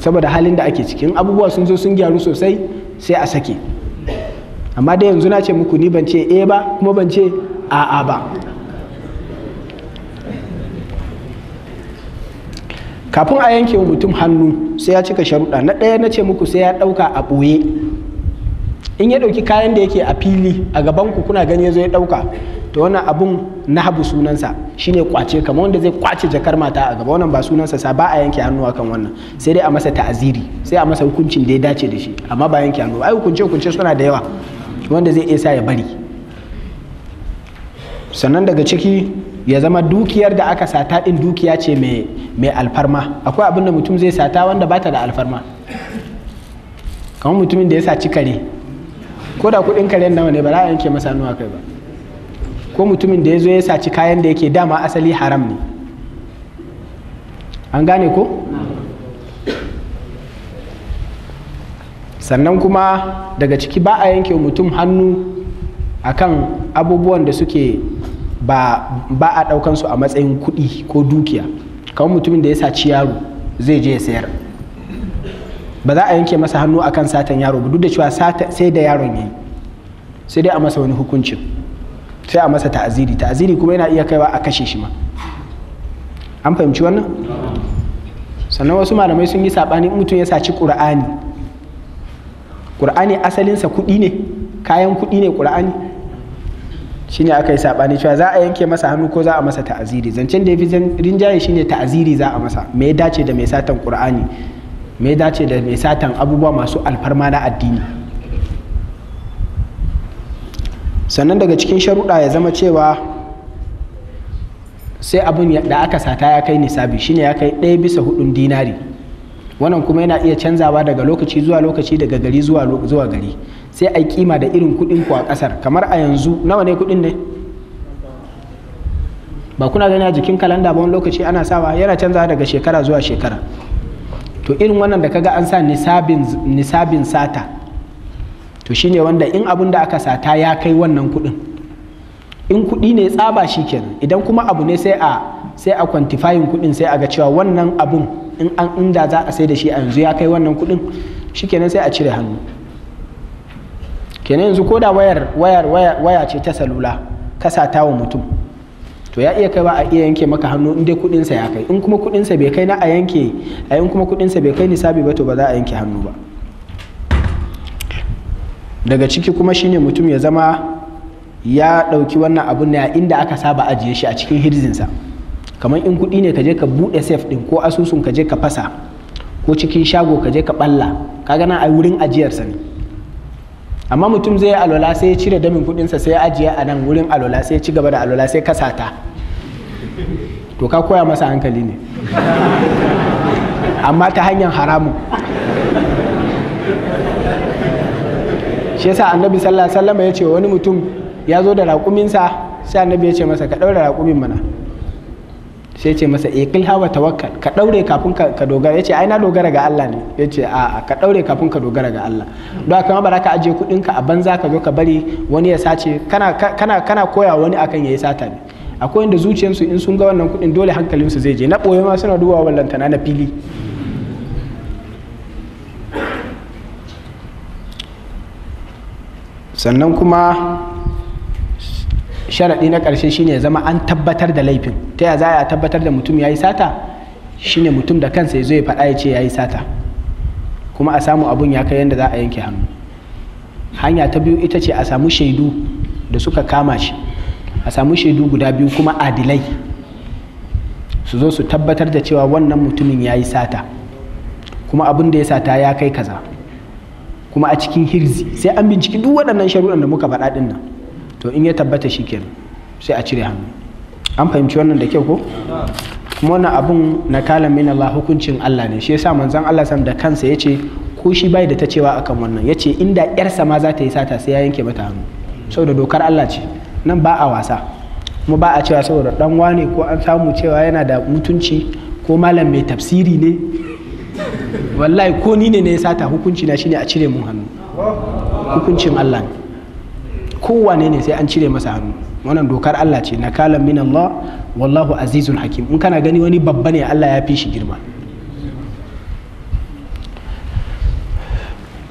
saboda halin da ake cikin abubuwa sun zo sun gyaru sosai sai a sake amma dai yanzu na ce muku ni ban ce e ba kuma ban ce a'a ba kafin a yanke wa mutum hannu sai ya cika sharuɗa na ɗaya na ce muku sai ya ɗauka a ɓoye in ya ɗauki kayan da yake a fili a gaban ku kuna gani ya zo ya ɗauka to wannan abun na habu sunansa shine kwace kamar wanda zai kwace jakar mata a gaba wannan ba sunansa sa ba a yanke hannu akan wannan sai dai a masa ta'aziri sai a masa hukuncin da ya dace da shi amma ba yanke hannu ai hukunce hukunce suna da yawa wanda zai iya sa ya bari sannan daga ciki ya zama dukiyar da aka sata ɗin dukiya ce mai alfarma akwai abin da mutum zai sata wanda ba ta da alfarma kamar mutumin da ya saci kare ko da kudin kare nawa ne ba za a yanke masa nuwa kai ba ko mutumin da ya zo ya saci kayan da yake dama asali haram ne an gane ko sannan kuma daga ciki ba a yanke mutum hannu akan abubuwan da suke ba, ba a ɗaukansu a matsayin kuɗi ko dukiya kawai mutumin da ya saci yaro zai je ya sayar ba za a yanke masa hannu akan satan yaro ba duk da cewa sai da yaron ya yi sai dai a masa wani hukuncin sai a masa ta'aziri ta'aziri kuma yana iya kaiwa a kashe shi ma an fahimci wannan sannan wasu malamai sun yi saɓani mutum ya saci ƙur'ani ƙur'ani asalinsa kuɗi ne kayan kuɗi ne ƙur'ani shine aka yi saɓani cewa za a yanke masa hannu ko za a masa ta'aziri zancen da ya fi shi shine ta'aziri za a masa me ya dace da mai satan ƙur'ani me ya dace da mai satan abubuwa masu alfarma na addini sannan daga cikin sharuɗa ya zama cewa sai abin da aka sata ya kai nisabi shine ya kai ɗaya bisa hudun dinari wannan kuma yana iya canzawa daga lokaci zuwa lokaci daga gari zuwa gari sai a kima da irin kudin ku a ƙasar kamar a yanzu nawa ne kuɗin ne ba kuna gani a jikin kalanda ba wani lokaci ana sawa yana canzawa daga shekara zuwa shekara to irin wannan da kaga an sa nisabin sata to shine wanda in abun da aka sata ya kai wannan kuɗin in kuɗi ne tsaba shi kenan idan kuma abu ne sai a sai a kwantifayin kuɗin sai a ga cewa wannan abun in an inda za a sai da shi a yanzu ya kai wannan kuɗin kenan sai a cire hannu kenan yanzu ko da wayar wayar waya ce ta salula ka ta wa mutum to ya iya kai ba a iya yanke maka hannu in dai kuɗinsa ya kai in kuma kuɗinsa bai kai na a yanke a yin kuma bai kai nisabi ba to ba za a yanke hannu ba daga ciki kuma shine mutum ya zama ya ɗauki wannan abun ne a inda aka saba ajiye shi a cikin hirzinsa kamar in kuɗi ne ka je ka buɗe safe ɗin ko asusun ka je ka fasa ko cikin shago ka je ka ɓalla kaga na a wurin ajiyarsa ne amma mutum zai alwala sai ya cire damin kuɗinsa sai ya ajiye a nan wurin alwala sai ya ci gaba da alwala sai ka sata to ka koya masa hankali ne amma ta hanyar haramun shi yasa annabi sallallahu alaihi wasallam ya ce wani mutum ya zo da raƙuminsa sai annabi ya ce masa ka ɗaura raƙumin mana sai ce masa ikil eh, hawa tawakkal ka daure kafin ka dogara yace ai na dogara ga Allah ne yace a ka daure kafin ka dogara ga Allah don haka ba ka ajiye kudin ka a banza ka zo ka bari wani ya sace kana kana kana koya wani akan yayi sata ne akwai wanda zuciyarsu in sun ga wannan kudin dole hankalinsu zai je na boye ma suna wallan tana na fili sannan kuma sharaɗi na ƙarshe shine zama an tabbatar da laifin ta ya za a tabbatar da mutum ya yi sata shine mutum da kansa ya zo ya faɗa ya ce ya yi sata kuma a samu abun ya kai yadda za a yanke hannu hanya ta biyu ita ce a samu shaidu da suka kama shi a samu shaidu guda biyu kuma adilai su zo su tabbatar da cewa wannan mutumin ya yi sata kuma abin da ya sata ya kai kaza kuma a cikin hirzi sai an binciki duk waɗannan sharuɗan da muka faɗa ɗin nan to in ya tabbata shi kenan sai a cire hannu an fahimci wannan da kyau ko kuma wannan abun na kalan min Allah hukuncin Allah ne shi yasa manzon Allah san da kansa ce ko shi bai da ta cewa akan wannan yace inda yarsa ma za ta yi sata sai ya yanke mata hannu saboda dokar Allah ce nan ba a wasa kuma ba a cewa saboda dan wane ko an samu cewa yana da mutunci ko malam mai tafsiri ne wallahi ko ni ne na ya sata hukunci na shine a cire mun hannu hukuncin Allah ne kowane ne sai an cire masa hannu wannan dokar Allah ce na kalan min Allah wallahu azizul hakim in kana gani wani babba ne Allah ya fi shi girma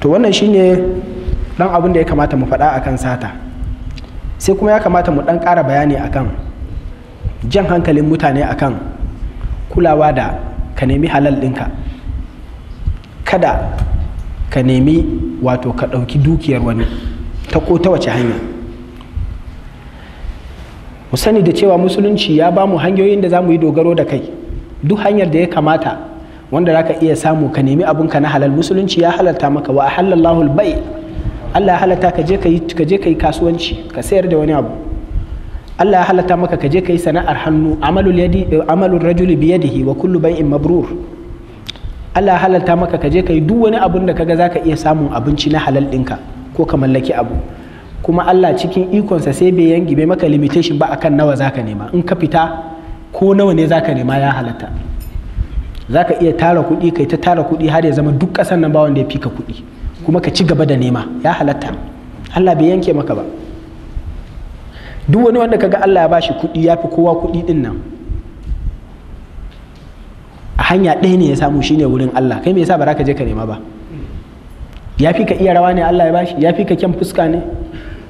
to wannan shine dan abin da ya kamata mu faɗa akan sata sai kuma ya kamata mu dan ƙara bayani akan jan hankalin mutane akan kulawa da ka nemi halal ɗinka kada ka nemi wato ka ɗauki dukiyar wani ta ko ta wace hanya mu sani da cewa musulunci ya ba mu hanyoyin da za mu yi dogaro da kai duk hanyar da ya kamata wanda za ka iya samu ka nemi abinka na halal musulunci ya halarta maka wa halallahu bai Allah ya halatta ka je ka je kai kasuwanci ka sayar da wani abu Allah ya halatta maka ka je kai sana'ar hannu amalul yadi amalul rajuli bi yadihi wa kullu bai'in mabrur Allah ya halatta maka ka je kai duk wani abun da kaga ka iya samun abinci na halal ɗinka ko ka mallaki abu kuma Allah cikin ikonsa sai bai yangi bai maka limitation ba akan nawa zaka nema in ka fita ko nawa ne zaka nema ya halatta zaka iya tara kuɗi kai ta tara kuɗi har ya zama duk ƙasar nan ba wanda ya fika kuɗi kuma ka ci gaba da nema ya halatta Allah bai yanke maka ba duk wani wanda kaga Allah ya bashi kuɗi ya fi kowa kuɗi din nan a hanya ɗaya ne ya samu shine wurin Allah kai me yasa ba za ka je ka nema ba ya fi ka iya rawa ne Allah ya bashi ya fi ka kyan fuska ne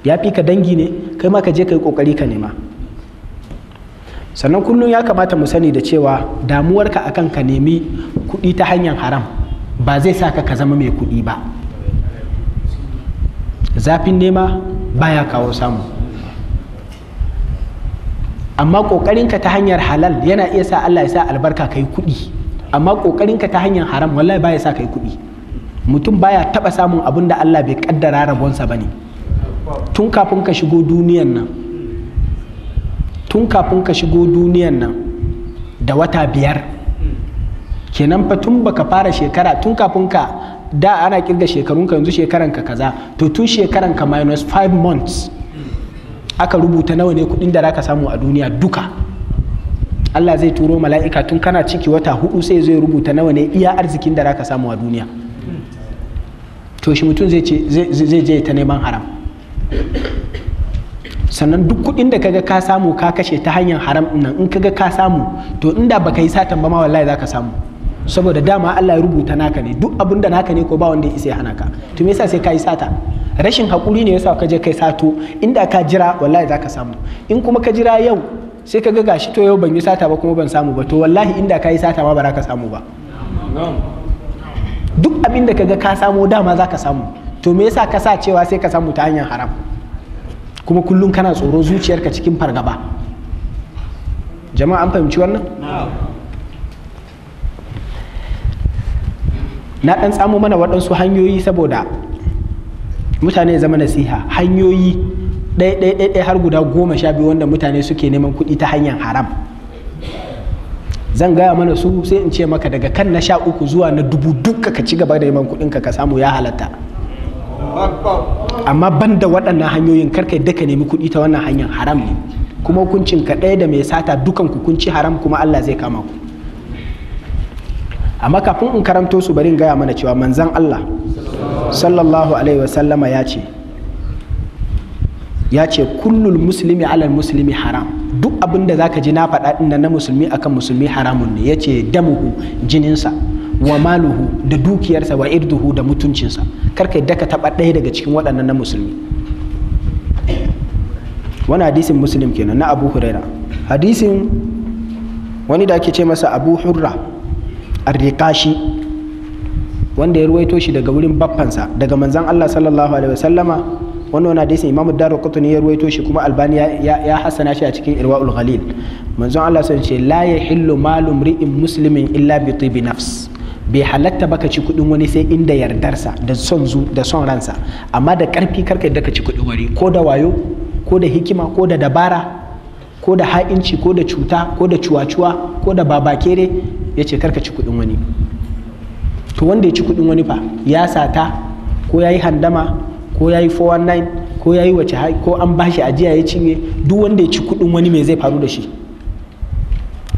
ya fi ka dangi ne kai ma ka je ka yi kokari ka nema sannan kullum ya kamata mu sani da cewa damuwarka akan ka nemi kuɗi ta hanyar haram ba zai sa ka zama mai kuɗi ba zafin nema baya kawo samu amma ƙoƙarinka ta hanyar halal yana iya sa Allah ya sa albarka kai kuɗi amma ƙoƙarinka ta hanyar haram wallahi baya sa kai kuɗi mutum baya taba samun abin da Allah bai kaddara rabonsa bane tun kafin ka shigo duniyan nan tun kafin ka shigo duniyan nan da wata biyar kenan fa tun baka fara shekara tun kafin ka da ana kirga shekarun ka yanzu shekaran ka kaza to tun shekaranka minus 5 months aka rubuta nawa ne kudin da zaka samu a duniya duka Allah zai turo mala'ika tun kana ciki wata hudu sai zai rubuta nawa ne iya arzikin da zaka samu a duniya to shi mutum zai je ta neman haram sannan duk kuɗin da kaga ka samu ka kashe ta hanyar haram nan in kaga ka samu to inda baka yi satan ba ma wallahi zaka samu saboda dama Allah ya rubuta naka ne duk abin da naka ne ko ba wanda ya isa hana ka to me yasa sai ka yi sata rashin hakuri ne yasa ka je kai sato inda ka jira wallahi zaka samu in kuma ka jira yau sai ka ga gashi to yau ban yi sata ba kuma ban samu ba to wallahi inda ka yi sata ma ba za ka samu ba duk abin da kaga ka samo dama za ka samu to me yasa ka sa cewa sai ka samu ta hanyar haram kuma kullum kana tsoro zuciyarka cikin fargaba jama'a an fahimci wannan na ɗan tsamo mana waɗansu hanyoyi saboda mutane zama nasiha hanyoyi ɗaya ɗaya har guda goma sha biyu wanda mutane suke neman kuɗi ta hanyar haram zan gaya mana su sai in ce maka daga kan na sha uku zuwa na dubu duka ka ci gaba da neman kuɗinka ka samu ya halatta amma ban da waɗannan hanyoyin karkai daka ka nemi kuɗi ta wannan hanyar haram ne kuma hukuncin ka ɗaya da mai sata dukan ku kun haram kuma Allah zai kama ku amma kafin in karanto su bari in gaya mana cewa manzan Allah sallallahu alaihi wasallama ya ce ya ce kullul musulmi alal musulmi haram duk abin da zaka ji na faɗa ɗin na musulmi akan musulmi haramun ne ya ce damuhu jininsa wa maluhu da dukiyarsa wa irduhu da mutuncinsa karka ka ka taɓa ɗaya daga cikin waɗannan na musulmi wani hadisin musulmi kenan na abu huraira hadisin wani da ake ce masa abu hurra arrikashi wanda ya ruwaito shi daga wurin baffansa daga manzan allah sallallahu alaihi wasallama wannan wani hadisin imam Daru kutuni ya ruwaito shi kuma albani ya hasana shi a cikin irwaul ghalil manzon Allah sun ce la ya yahillu malum ri'in muslimin illa bi tibi nafs bai halatta baka ci kuɗin wani sai inda yardarsa da son zu da son ransa amma da karfi karka da ka ci kudin wani ko da wayo ko da hikima ko da dabara ko da ha'inci ko da cuta ko da cuwacuwa ko da babakere ya ce karka ci kuɗin wani to wanda ya ci kuɗin wani fa ya sata ko ya yi handama ko ya yi 419 ko ya yi wace ko an bashi ajiya ya cinye duk wanda ya ci kuɗin wani mai zai faru da shi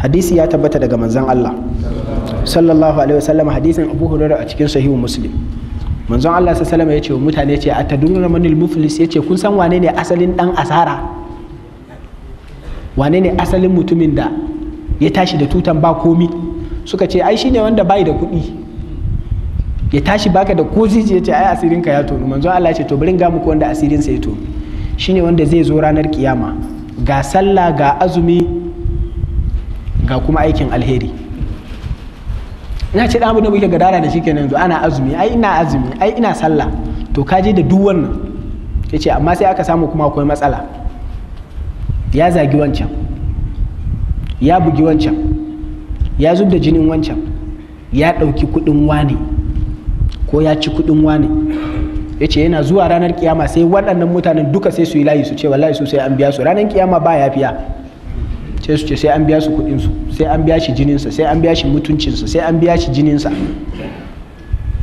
hadisi ya tabbata daga manzan Allah sallallahu alaihi wasallam hadisin Abu Hurairah a cikin sahihu Muslim manzon Allah sallallahu alaihi ya ce wa mutane ce atadunna manil muflis ya ce kun san wane ne asalin dan asara wane ne asalin mutumin da ya tashi da tutan ba komi suka ce ai shine wanda bai da kuɗi ya tashi baka da ko ya ce ai asirin ka ya tonu manzo Allah ya ce to bari ga muku wanda asirin sa ya tonu shine wanda zai zo ranar kiyama ga sallah ga azumi ga kuma aikin alheri ina ce abu da muke gadara da shi kenan yanzu ana azumi ai ina azumi ai ina sallah to ka je da duk wannan ya amma sai aka samu kuma akwai matsala ya zagi wancan ya bugi wancan ya zub da jinin wancan ya ɗauki kuɗin wane ko ya ci kuɗin wane ya ce yana zuwa ranar kiyama sai waɗannan mutanen duka sai su yi layi su ce wallahi su sai an biya su ranar kiyama ba ya fiya sai su ce sai an biya su kuɗinsu sai an biya shi jininsa sai an biya shi mutuncinsa sai an biya shi jininsa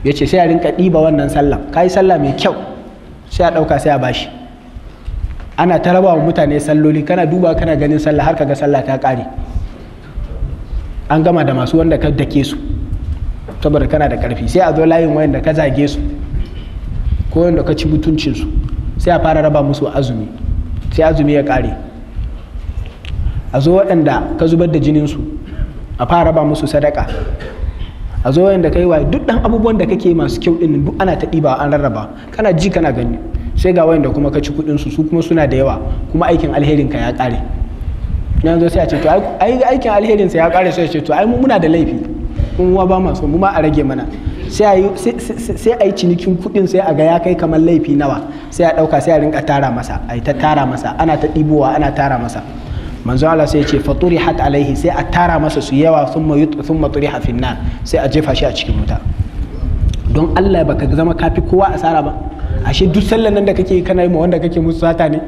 ya ce sai a rinka ɗiba wannan sallah ka yi sallah mai kyau sai a ɗauka sai a bashi ana ta raba wa mutane salloli kana duba kana ganin sallah har ka ga sallah ta ƙare an gama da masu wanda ka dake su saboda kana da karfi sai a zo layin wayanda ka zage su ko wanda ka ci mutuncin su sai a fara raba musu azumi sai azumi ya kare a zo waɗanda ka zubar da jinin su a fara raba musu sadaka a zo waɗanda ka yi waye duk ɗan abubuwan da kake masu kyau ɗin duk ana ta ɗiba an rarraba kana ji kana gani sai ga wayanda kuma ka ci kuɗin su su kuma suna da yawa kuma aikin alherin ka ya kare yanzu sai a ce to aikin alherin sa ya kare sai a ce to ai mu muna da laifi kuma ba masu mu ma a rage mana sai a yi cinikin kuɗin sai a ga ya kai kamar laifi nawa sai a ɗauka sai a rinka tara masa a yi ta tara masa ana ta ɗibowa ana tara masa manzo Allah sai ce faturi hat alaihi sai a tara masa su yawa sun maturi hafin nan sai a jefa shi a cikin wuta don Allah baka zama kafi kowa asara ba ashe duk sallan nan da kake kana yi ma wanda kake musu sata ne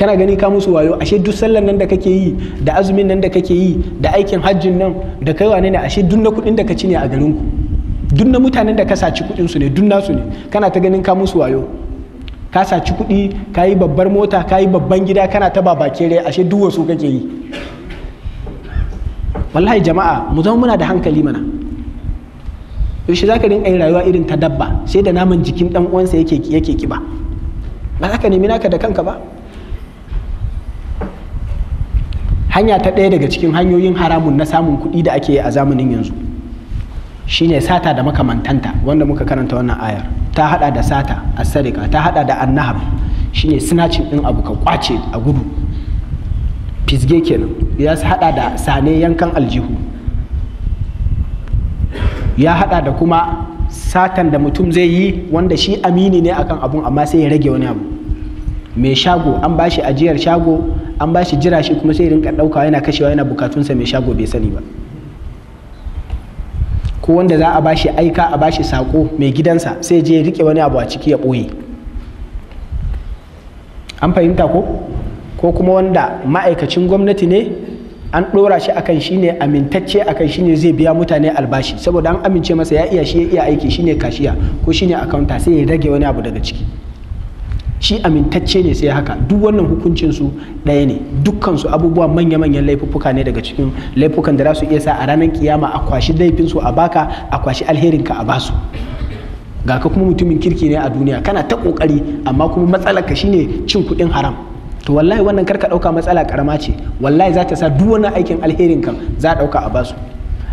kana gani ka musu wayo ashe duk sallar nan da kake yi da azumin nan da kake yi da aikin hajjin nan da kai wane ne ashe duk na kuɗin da ka ci ne a garin ku duk na mutanen da ka saci kuɗin su ne duk nasu ne kana ta ganin ka musu wayo ka saci kuɗi ka yi babbar mota ka yi babban gida kana ta babake rai ashe duk wasu kake yi wallahi jama'a mu zama muna da hankali mana yaushe za ka rinka yin rayuwa irin ta dabba sai da naman jikin dan uwansa yake kiba ba za ka nemi naka da kanka ba hanya ta ɗaya daga cikin hanyoyin haramun na samun kuɗi da ake yi a zamanin yanzu shine sata da makamantanta wanda muka karanta wannan ayar ta hada da sata a sarika ta hada da annahab shine sinacin din abu ka kwace a gudu fisge kenan ya hada da sane yankan aljihu ya hada da kuma satan da mutum zai yi wanda shi amini ne akan abun amma sai ya rage wani abu mai shago an bashi ajiyar shago an ba shi jira shi kuma sai rinka ɗaukawa yana kashewa yana bukatunsa mai shago bai sani ba ko wanda za a ba shi aika a ba shi sako mai gidansa sai je ya rike wani abu a ciki ya ɓoye an fahimta ko ko kuma wanda ma'aikacin gwamnati ne an ɗora shi akan shi ne amintacce akan shi ne zai biya mutane albashi saboda an amince masa ya iya shi ya iya aiki shi ne kashiya ko shi ne akaunta sai ya rage wani abu daga ciki shi amintacce ne sai haka duk wannan hukuncin su ɗaya ne dukkan su abubuwa manya-manyan laifuffuka ne daga cikin laifukan da za su iya sa a ranar kiyama a kwashi laifin su a baka a kwashi alherin ka a basu ga ka kuma mutumin kirki ne a duniya kana ta kokari amma kuma matsalar ka shine cin kuɗin haram to wallahi wannan karka ɗauka matsala karama ce wallahi za ta sa duk wani aikin alherin kan za a ɗauka a basu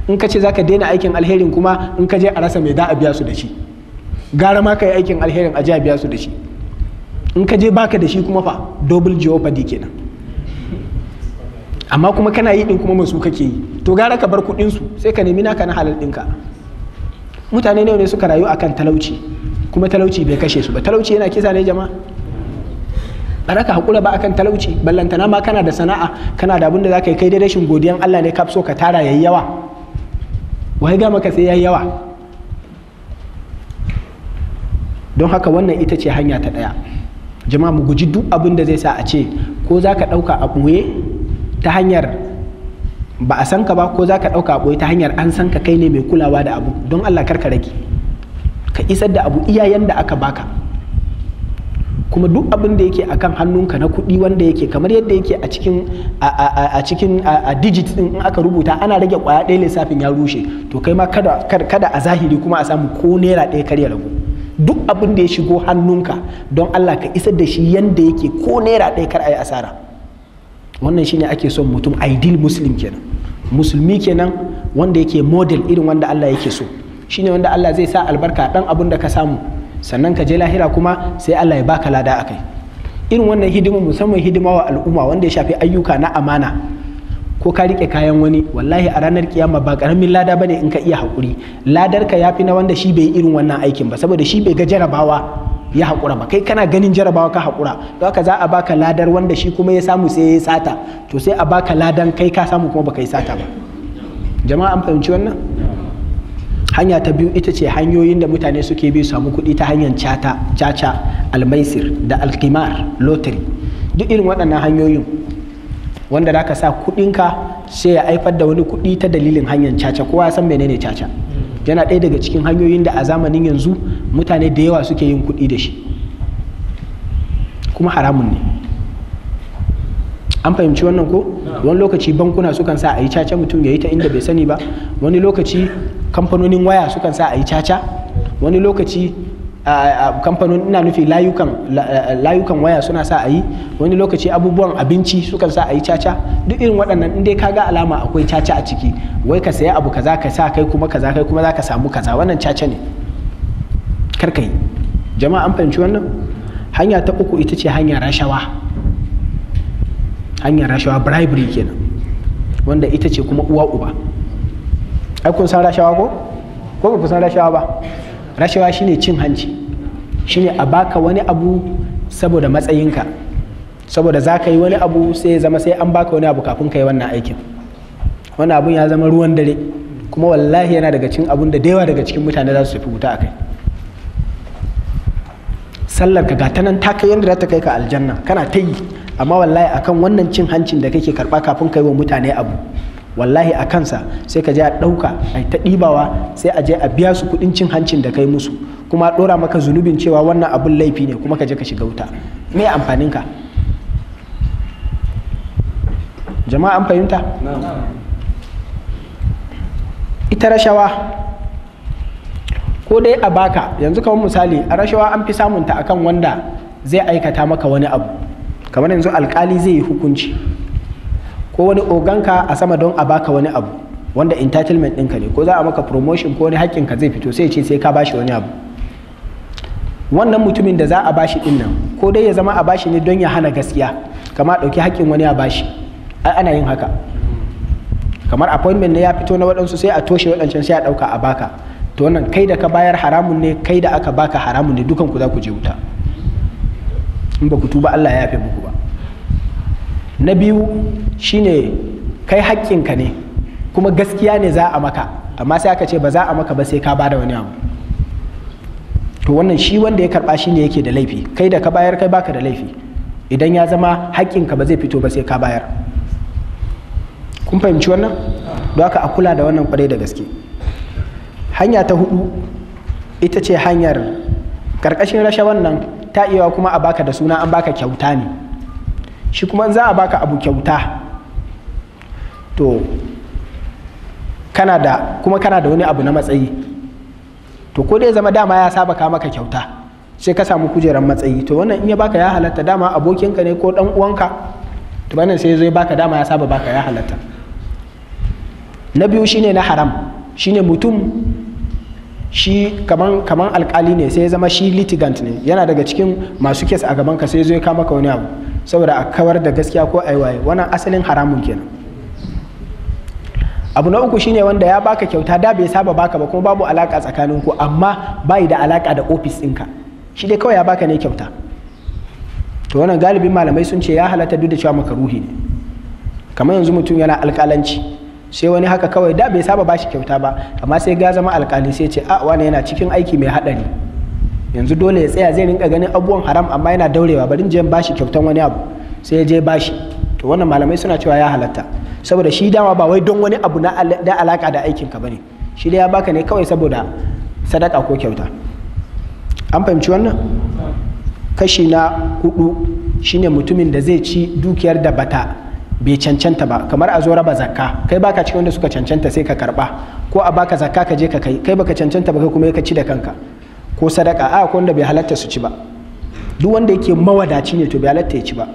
in ka ce za ka daina aikin alherin kuma in ka je a rasa mai da a biya su da shi gara ma ka yi aikin alherin a je a biya su da shi in ka je baka da shi kuma fa double jeopardy kenan amma kuma kana yi din kuma masu kake yi to gara ka bar kuɗin su sai ka nemi naka na halal ka mutane ne ne suka rayu akan talauci kuma talauci bai kashe su ba talauci yana kisa ne jama'a baraka hakura ba akan talauci ballantana ma kana da sana'a kana da abin da zaka yi kai dai rashin godiyan Allah ne ka so ka tara yayi yawa wai ga maka sai yayi yawa don haka wannan ita ce hanya ta daya jama'a mu guji duk abin da zai sa a ce ko za ka ɗauka a ɓoye ta hanyar ba a san ka ba ko za ka ɗauka a ɓoye ta hanyar an san ka kai ne mai kulawa da abu don allah kar ka rage ka isar da abu iyayen da aka baka kuma duk abin da yake akan hannunka na kuɗi wanda yake kamar yadda yake a cikin a cikin a digit din in aka rubuta ana rage kwaya ɗaya lissafin ya rushe to kai ma kada a zahiri kuma a samu ko naira ɗaya kar ya ragu duk abin da ya shigo hannunka don Allah ka isar da shi yanda yake ko naira ɗaya kar a yi asara wannan shine ake son mutum ideal muslim kenan musulmi kenan wanda yake model irin wanda Allah yake so shine wanda Allah zai sa albarka dan abun da ka samu sannan ka je lahira kuma sai Allah ya baka lada akai irin wannan hidima musamman hidima wa al'umma wanda ya shafi ayyuka na amana ko ka rike kayan wani wallahi a ranar kiyama ba karamin lada bane in ka iya hakuri ladarka yafi na wanda shi bai irin wannan aikin ba saboda shi bai ga jarabawa ya hakura ba kai kana ganin jarabawa ka hakura don haka za a baka ladar wanda shi kuma ya samu sai ya sata to sai a baka ladan kai ka samu kuma baka yi sata ba jama'a an fahimci wannan hanya ta biyu ita ce hanyoyin da mutane suke bi samu kuɗi ta hanyar chata caca almaisir da alkimar lottery duk irin waɗannan hanyoyin wanda za ka sa kuɗinka sai ya haifar da wani kuɗi ta dalilin hanyar caca kowa ya san menene caca yana ɗaya daga cikin hanyoyin da a zamanin yanzu mutane da yawa suke yin kuɗi da shi kuma haramun ne an fahimci wannan ko wani lokaci bankuna sukan sa a yi caca mutum ya yi ta inda bai sani ba wani lokaci kamfanonin waya sukan sa a yi caca wani lokaci kamfanin ina nufi layukan waya suna sa a yi wani lokaci abubuwan abinci sukan sa a yi caca duk irin waɗannan in dai ka ga alama akwai caca a ciki wai ka saya abu kaza ka sa kai kuma kaza kai kuma za ka samu kaza wannan caca ne Karkai jama'a an fahimci wannan hanya ta uku ita ce hanyar rashawa hanyar rashawa bribery kenan wanda ita ce kuma uwa uba ai kun san rashawa ko ko ba ku san rashawa ba rashawa shine cin hanci shine a baka wani abu saboda matsayinka saboda za ka yi wani abu sai ya zama sai an baka wani abu kafin ka yi wannan aikin wani abun ya zama ruwan dare kuma wallahi yana daga cin abun da yawa daga cikin mutane za su fi wuta kai. sallar ka gata nan ta kai yadda za ta kai ka aljanna kana ta yi amma wallahi akan wannan cin hancin da kake karba kafin ka yi wa mutane abu wallahi a kansa sai ka je a ɗauka a ta ɗibawa sai a je a biya su kuɗin cin hancin da kai musu kuma a ɗora maka zunubin cewa wannan abun laifi ne kuma ka je ka shiga wuta me amfanin ka jama'a an fahimta ita rashawa ko dai a baka yanzu kamar misali a rashawa an fi samunta akan wanda zai aikata maka wani abu kamar yanzu alkali zai yi hukunci ko wani oganka a sama don a baka wani abu wanda entitlement ɗinka ne ko za a maka promotion ko wani haƙƙinka zai fito sai ce sai ka bashi wani abu wannan mutumin da za a bashi ɗin nan ko dai ya zama a bashi ne don ya hana gaskiya kamar a ɗauki haƙƙin wani a bashi ai ana yin haka kamar appointment ne ya fito na waɗansu sai a toshe waɗancan sai a ɗauka a baka to wannan kai da ka bayar haramun ne kai da aka baka haramun ne dukan ku za ku je wuta in ba ku tuba Allah ya yafe muku ba na biyu shine kai haƙƙinka ne kuma gaskiya ne za a maka amma sai aka ce ba za a maka ba sai ka bada wani abu to wannan shi wanda ya karɓa shi ne yake da laifi kai da ka bayar kai baka da laifi idan ya zama haƙƙinka ba zai fito ba sai ka bayar kun fahimci wannan don haka a kula da wannan kwarai da gaske hanya ta hudu ita ce hanyar ƙarƙashin rashawan nan ta iya kuma a baka da suna an baka kyauta ne shi kuma za a baka abu kyauta to kana da kuma kana da wani abu na matsayi to ko dai zama dama ya saba ka maka kyauta sai ka samu kujerar matsayi to wannan in ya baka ya halatta dama abokinka ne ko dan uwanka to wannan sai zai baka dama ya saba baka ya halatta na biyu shine na haram shine mutum shi kaman alkali ne sai ya zama shi litigant ne yana daga cikin masu kes a gaban ka sai zo ya kama ka wani abu saboda a kawar da gaskiya ko aiwaye wannan asalin haramun kenan abu na uku shine wanda ya baka kyauta da bai saba baka ba kuma babu alaka tsakanin ku amma bai da alaka da ofis ɗinka shi dai kawai ya baka ne kyauta to wannan galibin malamai sun ce ya halatta duk da cewa makaruhi ne kamar yanzu mutum yana alkalanci sai wani haka kawai da bai saba bashi kyauta ba amma sai ga zama alkali sai ce a wani yana cikin aiki mai haɗari yanzu dole ya tsaya zai rinka ganin abubuwan haram amma yana daurewa bari je bashi kyautan wani abu sai ya je bashi to wannan malamai suna cewa ya halatta saboda shi dama ba wai don wani abu na da alaka da aikin ka bane shi dai ya baka ne kawai saboda sadaka ko kyauta an fahimci wannan kashi na hudu shine mutumin da zai ci dukiyar da bata bai cancanta ba kamar a zo raba zakka kai baka cikin wanda suka cancanta sai ka karba ko a baka zakka ka je ka kai kai baka cancanta ba kai kuma ka ci da kanka ko sadaka a ko wanda bai halatta su ci ba duk wanda yake mawadaci ne to bai halatta ya ci ba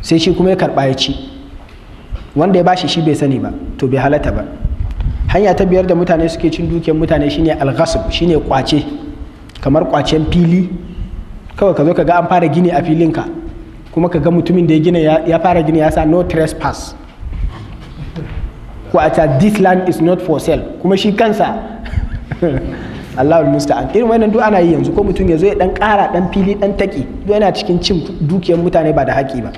sai shi kuma ya karba ya ci wanda ya bashi shi bai sani ba to bai halatta ba hanya ta biyar da mutane suke cin dukiyar mutane shine alghasb shine kwace kamar kwacen fili kawai ka zo ka ga an fara gini a filinka kuma ka ga mutumin da ya gina ya fara gina ya sa no trespass ko a ta this land is not for sale kuma shi kansa musta an irin wannan duk ana yi yanzu ko mutum ya zo ya dan kara dan fili dan taki duk yana cikin cin dukiyar mutane ba da haƙi ba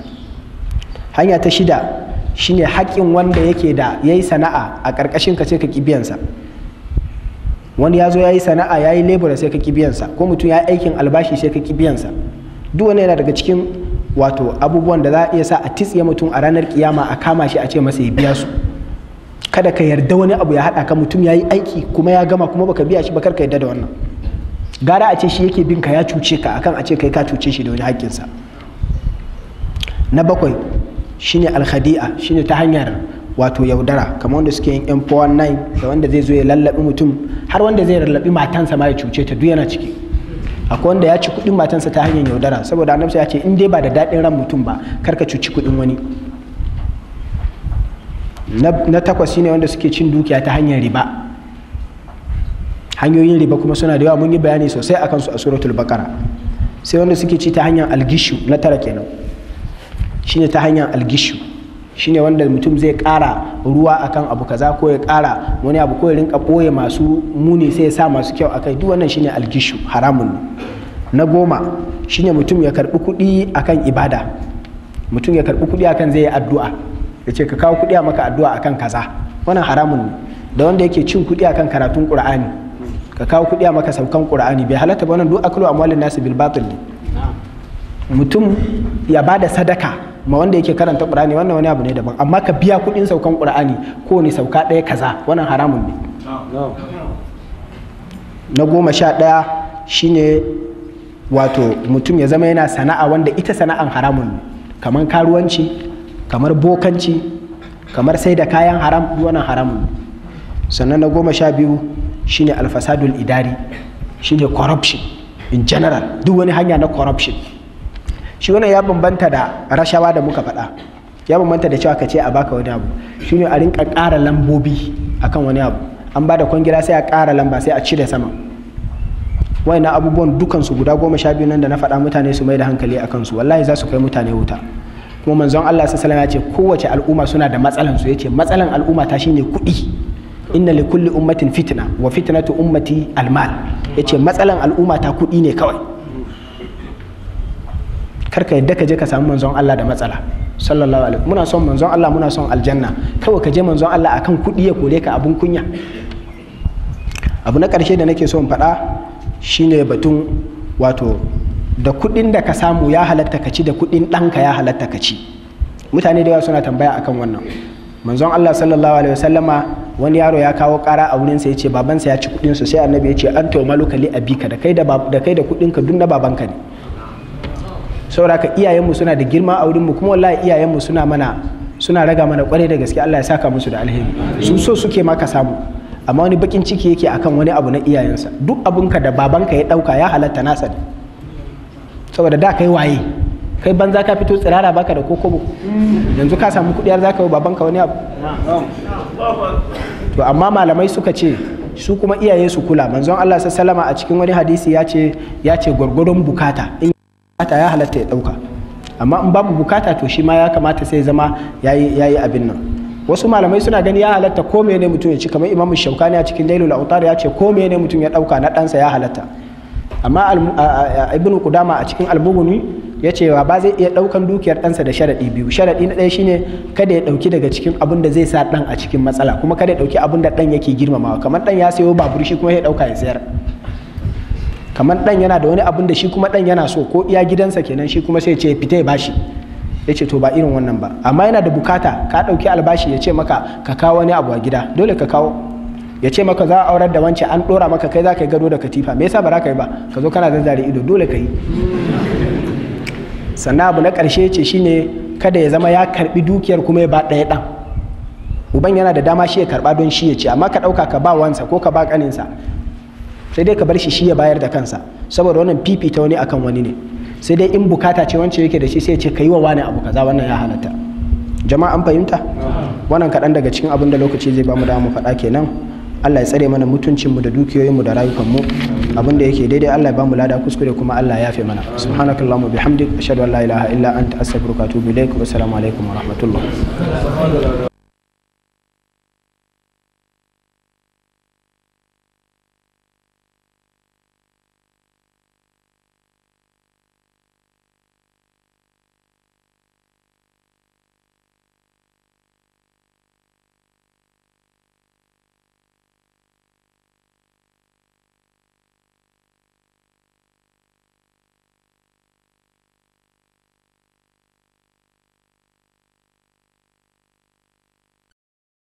hanya ta shida shine haƙin wanda yake da yayi sana'a a ƙarƙashin ka sai ka kibiyansa wani ya zo ya yi sana'a ya yi labor sai ka kibiyansa ko mutum ya yi aikin albashi sai ka kibiyansa duk wani yana daga cikin wato abubuwan da za a iya sa a titsiye mutum a ranar kiyama a kama shi a ce masa ya biya su kada ka yarda wani abu ya haɗa ka mutum ya yi aiki kuma ya gama kuma baka biya shi ba ka yarda da wannan gara a ce shi yake bin ka ya cuce ka akan a ce kai ka cuce shi da wani haƙƙinsa na bakwai shine alkhadi'a shine ta hanyar wato yaudara kamar wanda suke yin m419 da wanda zai zo ya lallabi mutum har wanda zai lallabi matansa ma ya cuce ta duk yana ciki akwai wanda ya ci kuɗin matansa ta hanyar yaudara saboda annabi ya ce in dai ba da daɗin ran mutum ba kar ka cuci kuɗin wani na takwas shine wanda suke cin dukiya ta hanyar riba hanyoyin riba kuma suna da yawa mun yi bayani sosai a kansu a suratul bakara sai wanda suke ci ta hanyar algishu na tara kenan shine ta hanyar algishu shine wanda mutum zai ƙara ruwa akan abu kaza ko ya kara wani abu ko ya rinka ɓoye masu muni sai ya sa masu kyau akai duk wannan shine algishu haramun na goma shine mutum ya karbi kuɗi akan ibada mutum ya karbi kuɗi akan zai yi addu'a ya ce ka kawo kuɗi a maka addu'a akan kaza wannan haramun ne da wanda yake cin kuɗi akan karatun ƙur'ani ka kawo kuɗi a maka saukan ƙur'ani bai halatta ba wannan duk aklu amwalin nasu bil batil ne mutum ya ba da sadaka ma wanda yake karanta qur'ani wannan wani abu ne daban amma ka biya kuɗin saukan qur'ani ko ne sauka ɗaya kaza wannan haramun ne na goma sha ɗaya shine wato mutum ya zama yana sana'a wanda ita sana'an haramun ne kamar karuwanci kamar bokanci kamar sai da kayan haram wannan haramun ne. sannan na goma sha biyu shine alfasadul idari shine corruption in general duk wani hanya na corruption shi wannan ya bambanta da rashawa da muka faɗa ya bambanta da cewa ka ce a baka wani abu shi ne a rinka ƙara lambobi a kan wani abu an ba da kwangila sai a ƙara lamba sai a cire sama wayannan abubuwan dukansu guda goma sha biyu nan da na faɗa mutane su mai da hankali a kansu wallahi za su kai mutane wuta kuma manzon Allah sai salama ya ce kowace al'umma suna da matsalan su yace matsalan al'umma ta shine kuɗi inna li kulli ummatin fitna wa fitnatu ummati almal yace matsalan al'umma ta kuɗi ne kawai Kar ka yadda ka je ka samu manzon Allah da matsala sallallahu alaihi muna son manzon Allah muna son aljanna kawai ka je manzon Allah akan kuɗi ya kore ka abun kunya abu na ƙarshe da nake so in faɗa shine batun wato da kuɗin da ka samu ya halatta ka ci da kuɗin ɗanka ya halatta ka ci mutane da yawa suna tambaya akan wannan manzon Allah sallallahu alaihi wasallama wani yaro ya kawo ƙara a wurin sa yace babansa ya ci kuɗin sa sai annabi yace an to maluka li abika da kai da da kai da kuɗin ka duk na babanka ne saboda ka iyayenmu suna da girma a wurinmu kuma wallahi iyayenmu suna mana suna raga mana kwarai da gaske Allah ya saka musu da alheri su so suke ma ka samu amma wani bakin ciki yake akan wani abu na iyayensa duk abinka da babanka ya dauka ya halatta nasa ne saboda da kai waye kai banza ka fito tsirara baka da kokobo yanzu ka samu kudi har zaka yi babanka wani abu to amma malamai suka ce su kuma iyaye su kula manzon Allah sallama a cikin wani hadisi ya ce ya ce gwargwadon bukata bukata ya halatta ya ɗauka amma in babu bukata to shi ma ya kamata sai zama ya yi abin nan wasu malamai suna gani ya halatta ko ne mutum ya ci kamar imamu shaukani a cikin dailu la'utar ya ce ko ne mutum ya dauka na ɗansa ya halatta amma ibn kudama a cikin albuguni ya ce ba zai iya ɗaukan dukiyar ɗansa da sharaɗi biyu sharaɗi na ɗaya shine kada ya ɗauki daga cikin abin da zai sa ɗan a cikin matsala kuma kada ya dauki abin da dan yake girmamawa kamar ɗan ya sayo babur shi kuma ya ɗauka ya sayar kamar dan yana da wani abin da shi kuma dan yana so ko iya gidansa kenan shi kuma sai ce fita ya bashi ya ce to ba irin wannan ba amma yana da bukata ka ɗauki albashi ya ce maka ka kawo wani abu a gida dole ka kawo ya ce maka za a aurar da wancan an dora maka kai za ka yi gado da katifa me yasa ba za ka yi ba ka zo kana zazzare ido dole ka yi sannan abu na ƙarshe ce shine kada ya zama ya karbi dukiyar kuma ya ba ɗaya ɗan uban yana da dama shi ya karba don shi ya ce amma ka ɗauka ka ba wansa ko ka ba ƙaninsa sai dai ka bar shi shi ya bayar da kansa saboda wannan fifita wani akan wani ne sai dai in bukata ce wance yake da shi sai ce ka yi wa wani abu kaza wannan ya halatta jama'a an fahimta wannan kaɗan daga cikin abin da lokaci zai bamu da mu faɗa kenan Allah ya tsare mana mutuncinmu da dukiyoyinmu da rayukanmu abin da yake daidai Allah ya bamu lada kuskure kuma Allah ya yafe mana subhanakallahumma bihamdik ashhadu an la ilaha illa anta astaghfiruka wa atubu ilaik wa assalamu alaikum wa rahmatullah